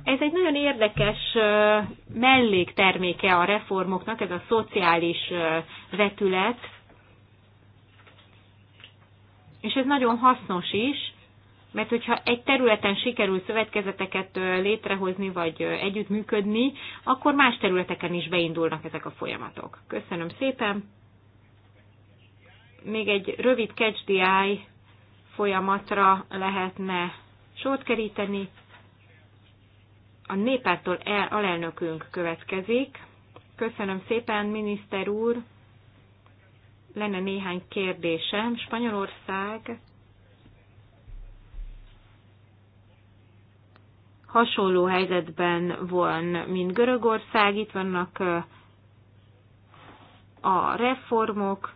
Ez egy nagyon érdekes mellékterméke a reformoknak, ez a szociális vetület, és ez nagyon hasznos is, mert hogyha egy területen sikerül szövetkezeteket létrehozni, vagy együttműködni, akkor más területeken is beindulnak ezek a folyamatok. Köszönöm szépen! Még egy rövid catch the eye folyamatra lehetne sort keríteni a népától el, alelnökünk következik. Köszönöm szépen, miniszter úr. Lenne néhány kérdésem. Spanyolország hasonló helyzetben van, mint Görögország. Itt vannak a reformok.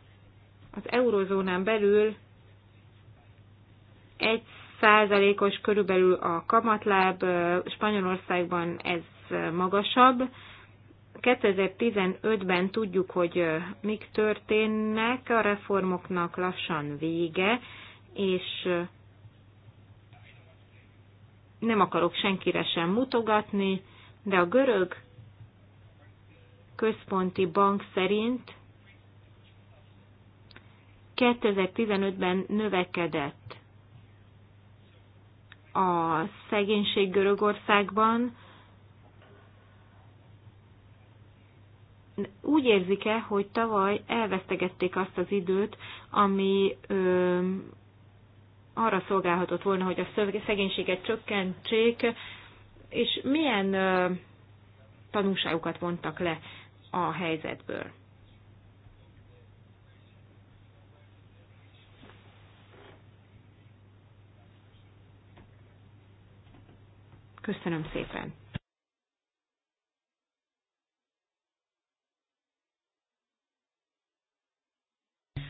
Az eurozónán belül egy százalékos körülbelül a kamatláb, Spanyolországban ez magasabb. 2015-ben tudjuk, hogy mik történnek, a reformoknak lassan vége, és nem akarok senkire sem mutogatni, de a görög központi bank szerint 2015-ben növekedett a szegénység Görögországban, úgy érzik-e, hogy tavaly elvesztegették azt az időt, ami ö, arra szolgálhatott volna, hogy a szegénységet csökkentsék, és milyen ö, tanulságokat vontak le a helyzetből. Köszönöm szépen!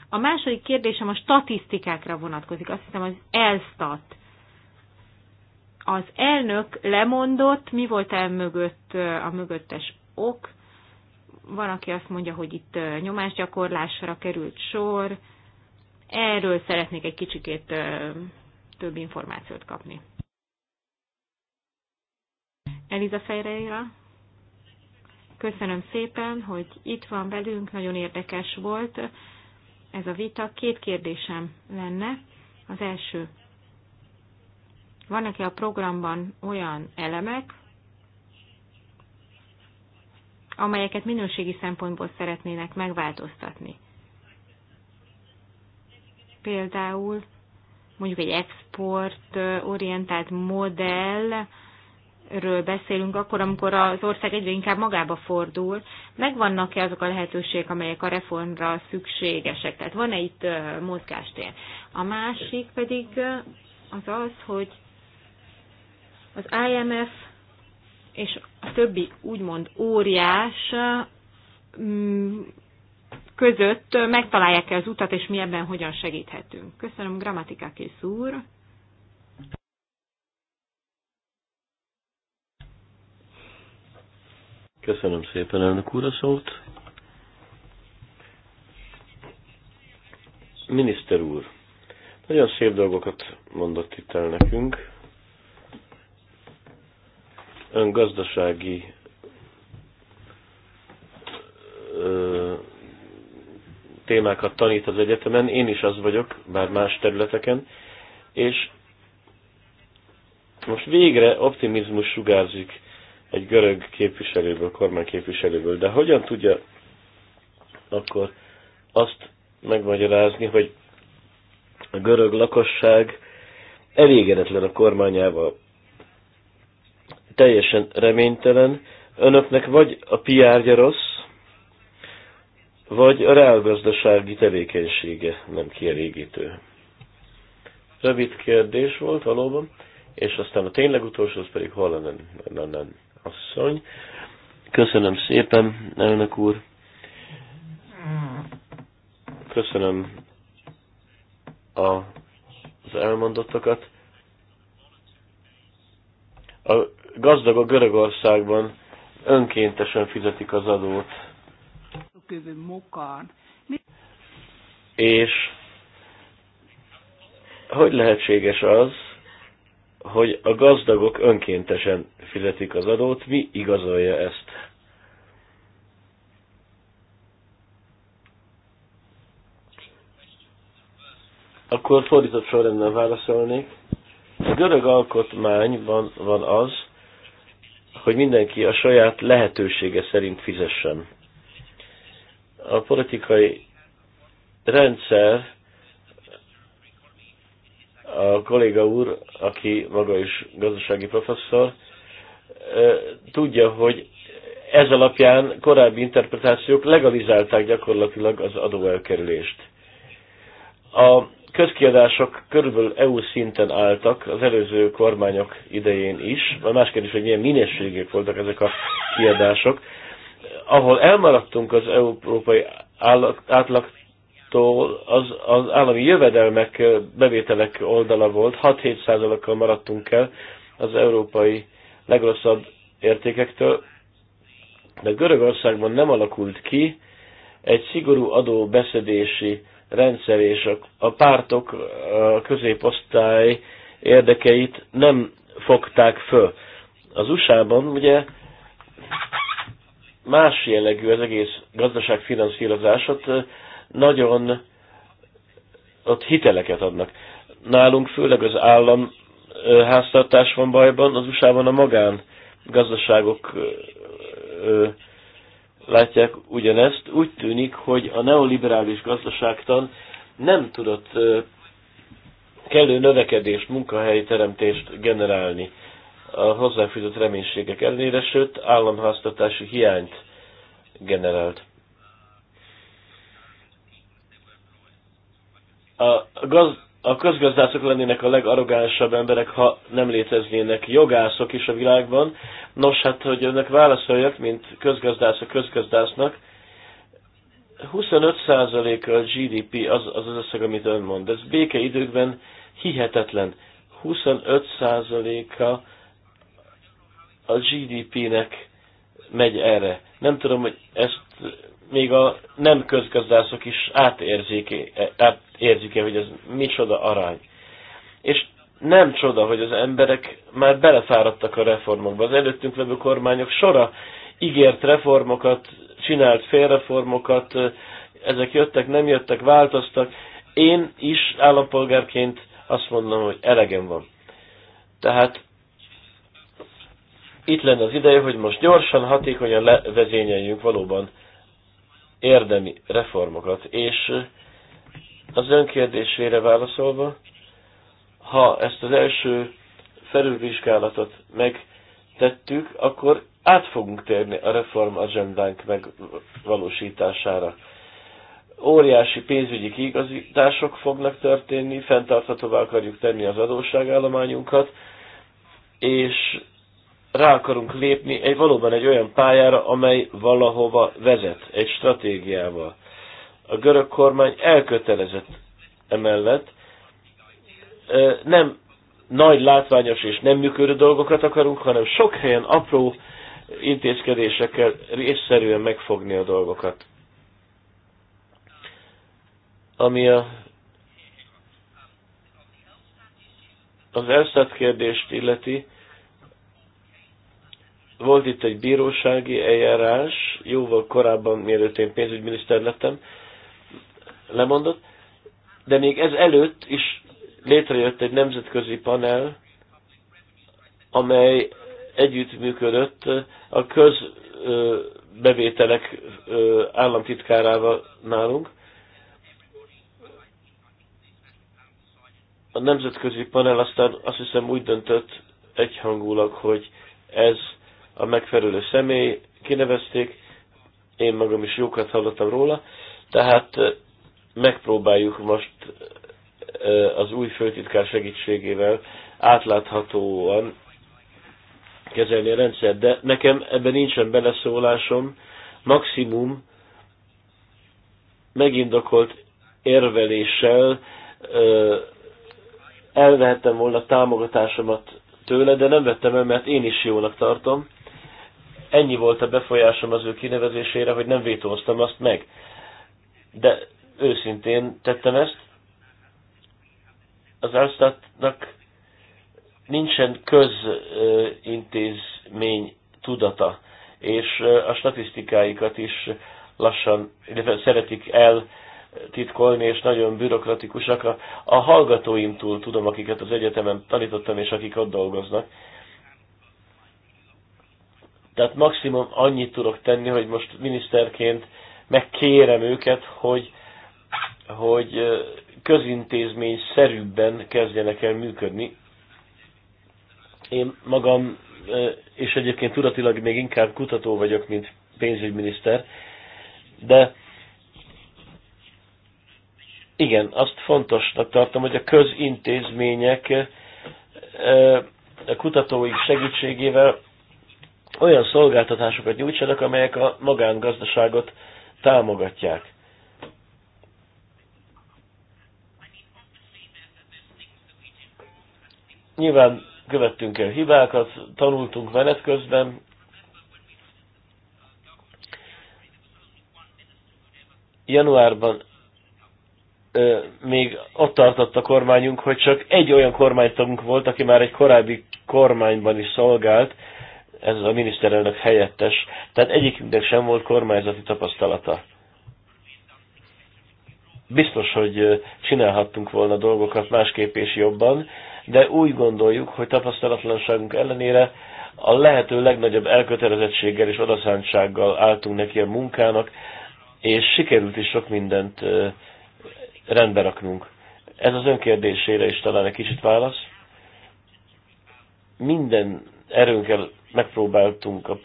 A második kérdésem a statisztikákra vonatkozik. Azt hiszem az elstat. Az elnök lemondott, mi volt el mögött a mögöttes ok? Van, aki azt mondja, hogy itt nyomásgyakorlásra került sor. Erről szeretnék egy kicsikét több információt kapni. Eliza Ferreira. Köszönöm szépen, hogy itt van velünk, nagyon érdekes volt ez a vita. Két kérdésem lenne. Az első, vannak-e a programban olyan elemek, amelyeket minőségi szempontból szeretnének megváltoztatni? Például mondjuk egy exportorientált modell, ről beszélünk, akkor, amikor az ország egyre inkább magába fordul, megvannak-e azok a lehetőségek, amelyek a reformra szükségesek? Tehát van-e itt mozgástér? A másik pedig az az, hogy az IMF és a többi úgymond óriás között megtalálják-e az utat, és mi ebben hogyan segíthetünk. Köszönöm, Grammatikákész úr! Köszönöm szépen, elnök úr, a szót. Miniszter úr, nagyon szép dolgokat mondott itt el nekünk. Ön gazdasági témákat tanít az egyetemen, én is az vagyok, bár más területeken, és most végre optimizmus sugárzik egy görög képviselőből, kormányképviselőből, de hogyan tudja akkor azt megmagyarázni, hogy a görög lakosság elégedetlen a kormányával, teljesen reménytelen, önöknek vagy a piárja rossz, vagy a reálgazdasági tevékenysége nem kielégítő. Rövid kérdés volt valóban, és aztán a tényleg utolsó, az pedig hol lenne, asszony. Köszönöm szépen, elnök úr. Köszönöm a, az elmondottakat. A gazdag a Görögországban önkéntesen fizetik az adót. És hogy lehetséges az, hogy a gazdagok önkéntesen fizetik az adót, mi igazolja ezt? Akkor fordított sorrendben válaszolnék. A görög alkotmányban van az, hogy mindenki a saját lehetősége szerint fizessen. A politikai rendszer a kolléga úr, aki maga is gazdasági professzor, tudja, hogy ez alapján korábbi interpretációk legalizálták gyakorlatilag az adóelkerülést. A közkiadások körülbelül EU szinten álltak az előző kormányok idején is, vagy más kérdés, hogy milyen minőségek voltak ezek a kiadások, ahol elmaradtunk az európai átlag tól az, az állami jövedelmek, bevételek oldala volt, 6-7 százalékkal maradtunk el az európai legrosszabb értékektől, de Görögországban nem alakult ki egy szigorú adóbeszedési rendszer, és a, a pártok a középosztály érdekeit nem fogták föl. Az USA-ban ugye más jellegű az egész gazdaság nagyon ott hiteleket adnak. Nálunk főleg az állam háztartás van bajban, az USA-ban a magán gazdaságok látják ugyanezt. Úgy tűnik, hogy a neoliberális gazdaságtan nem tudott kellő növekedést, munkahelyi teremtést generálni a hozzáfűzött reménységek ellenére, sőt államháztatási hiányt generált. a, gaz, a közgazdászok lennének a legarrogánsabb emberek, ha nem léteznének jogászok is a világban. Nos, hát, hogy önnek válaszoljak, mint közgazdász a közgazdásznak, 25% a GDP az, az az összeg, amit ön mond. Ez békeidőkben hihetetlen. 25%-a a, a GDP-nek megy erre. Nem tudom, hogy ezt még a nem közgazdászok is átérzik, e hogy ez micsoda arány. És nem csoda, hogy az emberek már belefáradtak a reformokba. Az előttünk levő kormányok sora ígért reformokat, csinált félreformokat, ezek jöttek, nem jöttek, változtak. Én is állampolgárként azt mondom, hogy elegem van. Tehát itt lenne az ideje, hogy most gyorsan, hatékonyan levezényeljünk valóban érdemi reformokat. És az önkérdésére válaszolva, ha ezt az első felülvizsgálatot megtettük, akkor át fogunk térni a reform agendánk megvalósítására. Óriási pénzügyi kiigazítások fognak történni, fenntarthatóvá akarjuk tenni az adósságállományunkat, és rá akarunk lépni egy valóban egy olyan pályára, amely valahova vezet, egy stratégiával. A görög kormány elkötelezett emellett, nem nagy látványos és nem működő dolgokat akarunk, hanem sok helyen apró intézkedésekkel részszerűen megfogni a dolgokat. Ami a, az Elstat kérdést illeti, volt itt egy bírósági eljárás, jóval korábban, mielőtt én pénzügyminiszter lettem, lemondott, de még ez előtt is létrejött egy nemzetközi panel, amely együttműködött a közbevételek államtitkárával nálunk. A nemzetközi panel aztán azt hiszem úgy döntött egyhangulag, hogy ez a megfelelő személy kinevezték, én magam is jókat hallottam róla, tehát megpróbáljuk most az új főtitkár segítségével átláthatóan kezelni a rendszert, de nekem ebben nincsen beleszólásom, maximum megindokolt érveléssel elvehettem volna támogatásomat tőle, de nem vettem el, mert én is jónak tartom. Ennyi volt a befolyásom az ő kinevezésére, hogy nem vétóztam azt meg. De őszintén tettem ezt. Az Elstatnak nincsen közintézmény tudata, és a statisztikáikat is lassan, illetve szeretik el titkolni, és nagyon bürokratikusak. A, a hallgatóimtól tudom, akiket az egyetemen tanítottam, és akik ott dolgoznak, tehát maximum annyit tudok tenni, hogy most miniszterként megkérem őket, hogy, hogy közintézmény szerűbben kezdjenek el működni. Én magam, és egyébként tudatilag még inkább kutató vagyok, mint pénzügyminiszter, de igen, azt fontosnak tartom, hogy a közintézmények a kutatóik segítségével olyan szolgáltatásokat nyújtsanak, amelyek a magángazdaságot támogatják. Nyilván követtünk el hibákat, tanultunk menet közben, januárban ö, még ott tartott a kormányunk, hogy csak egy olyan kormánytagunk volt, aki már egy korábbi kormányban is szolgált, ez a miniszterelnök helyettes, tehát egyikünknek sem volt kormányzati tapasztalata. Biztos, hogy csinálhattunk volna dolgokat másképp és jobban, de úgy gondoljuk, hogy tapasztalatlanságunk ellenére a lehető legnagyobb elkötelezettséggel és odaszántsággal álltunk neki a munkának, és sikerült is sok mindent rendbe raknunk. Ez az önkérdésére is talán egy kicsit válasz. Minden erőnkkel megpróbáltunk a,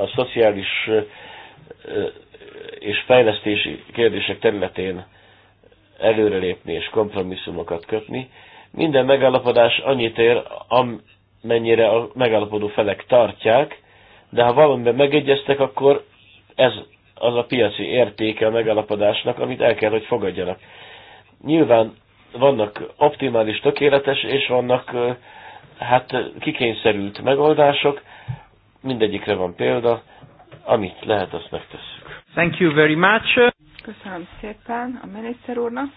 a szociális és fejlesztési kérdések területén előrelépni és kompromisszumokat kötni. Minden megállapodás annyit ér, amennyire a megállapodó felek tartják, de ha valamiben megegyeztek, akkor ez az a piaci értéke a megállapodásnak, amit el kell, hogy fogadjanak. Nyilván vannak optimális, tökéletes, és vannak hát kikényszerült megoldások, mindegyikre van példa, amit lehet, azt megtesszük. Thank you very much. Köszönöm szépen a miniszter úrnak.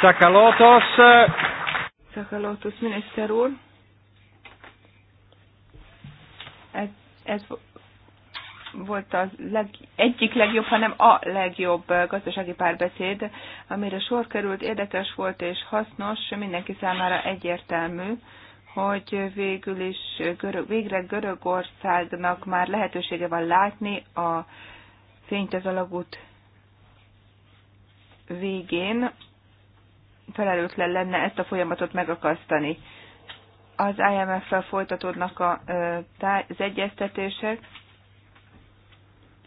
Szakalotos. Szakalotos miniszter úr. Ez, ez, volt az leg, egyik legjobb, hanem a legjobb gazdasági párbeszéd, amire sor került, érdekes volt és hasznos, mindenki számára egyértelmű, hogy végül is görög, végre Görögországnak már lehetősége van látni a fényt az alagút végén, felelőtlen lenne ezt a folyamatot megakasztani. Az IMF-fel folytatódnak az egyeztetések,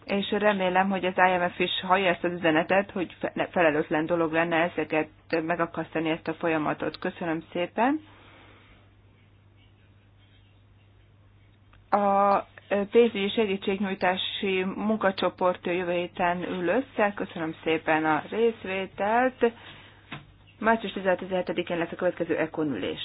és remélem, hogy az IMF is hallja ezt az üzenetet, hogy felelőtlen dolog lenne ezeket megakasztani ezt a folyamatot. Köszönöm szépen. A pénzügyi segítségnyújtási munkacsoport jövő héten ül össze. Köszönöm szépen a részvételt. Március 17-én lesz a következő ekonülés.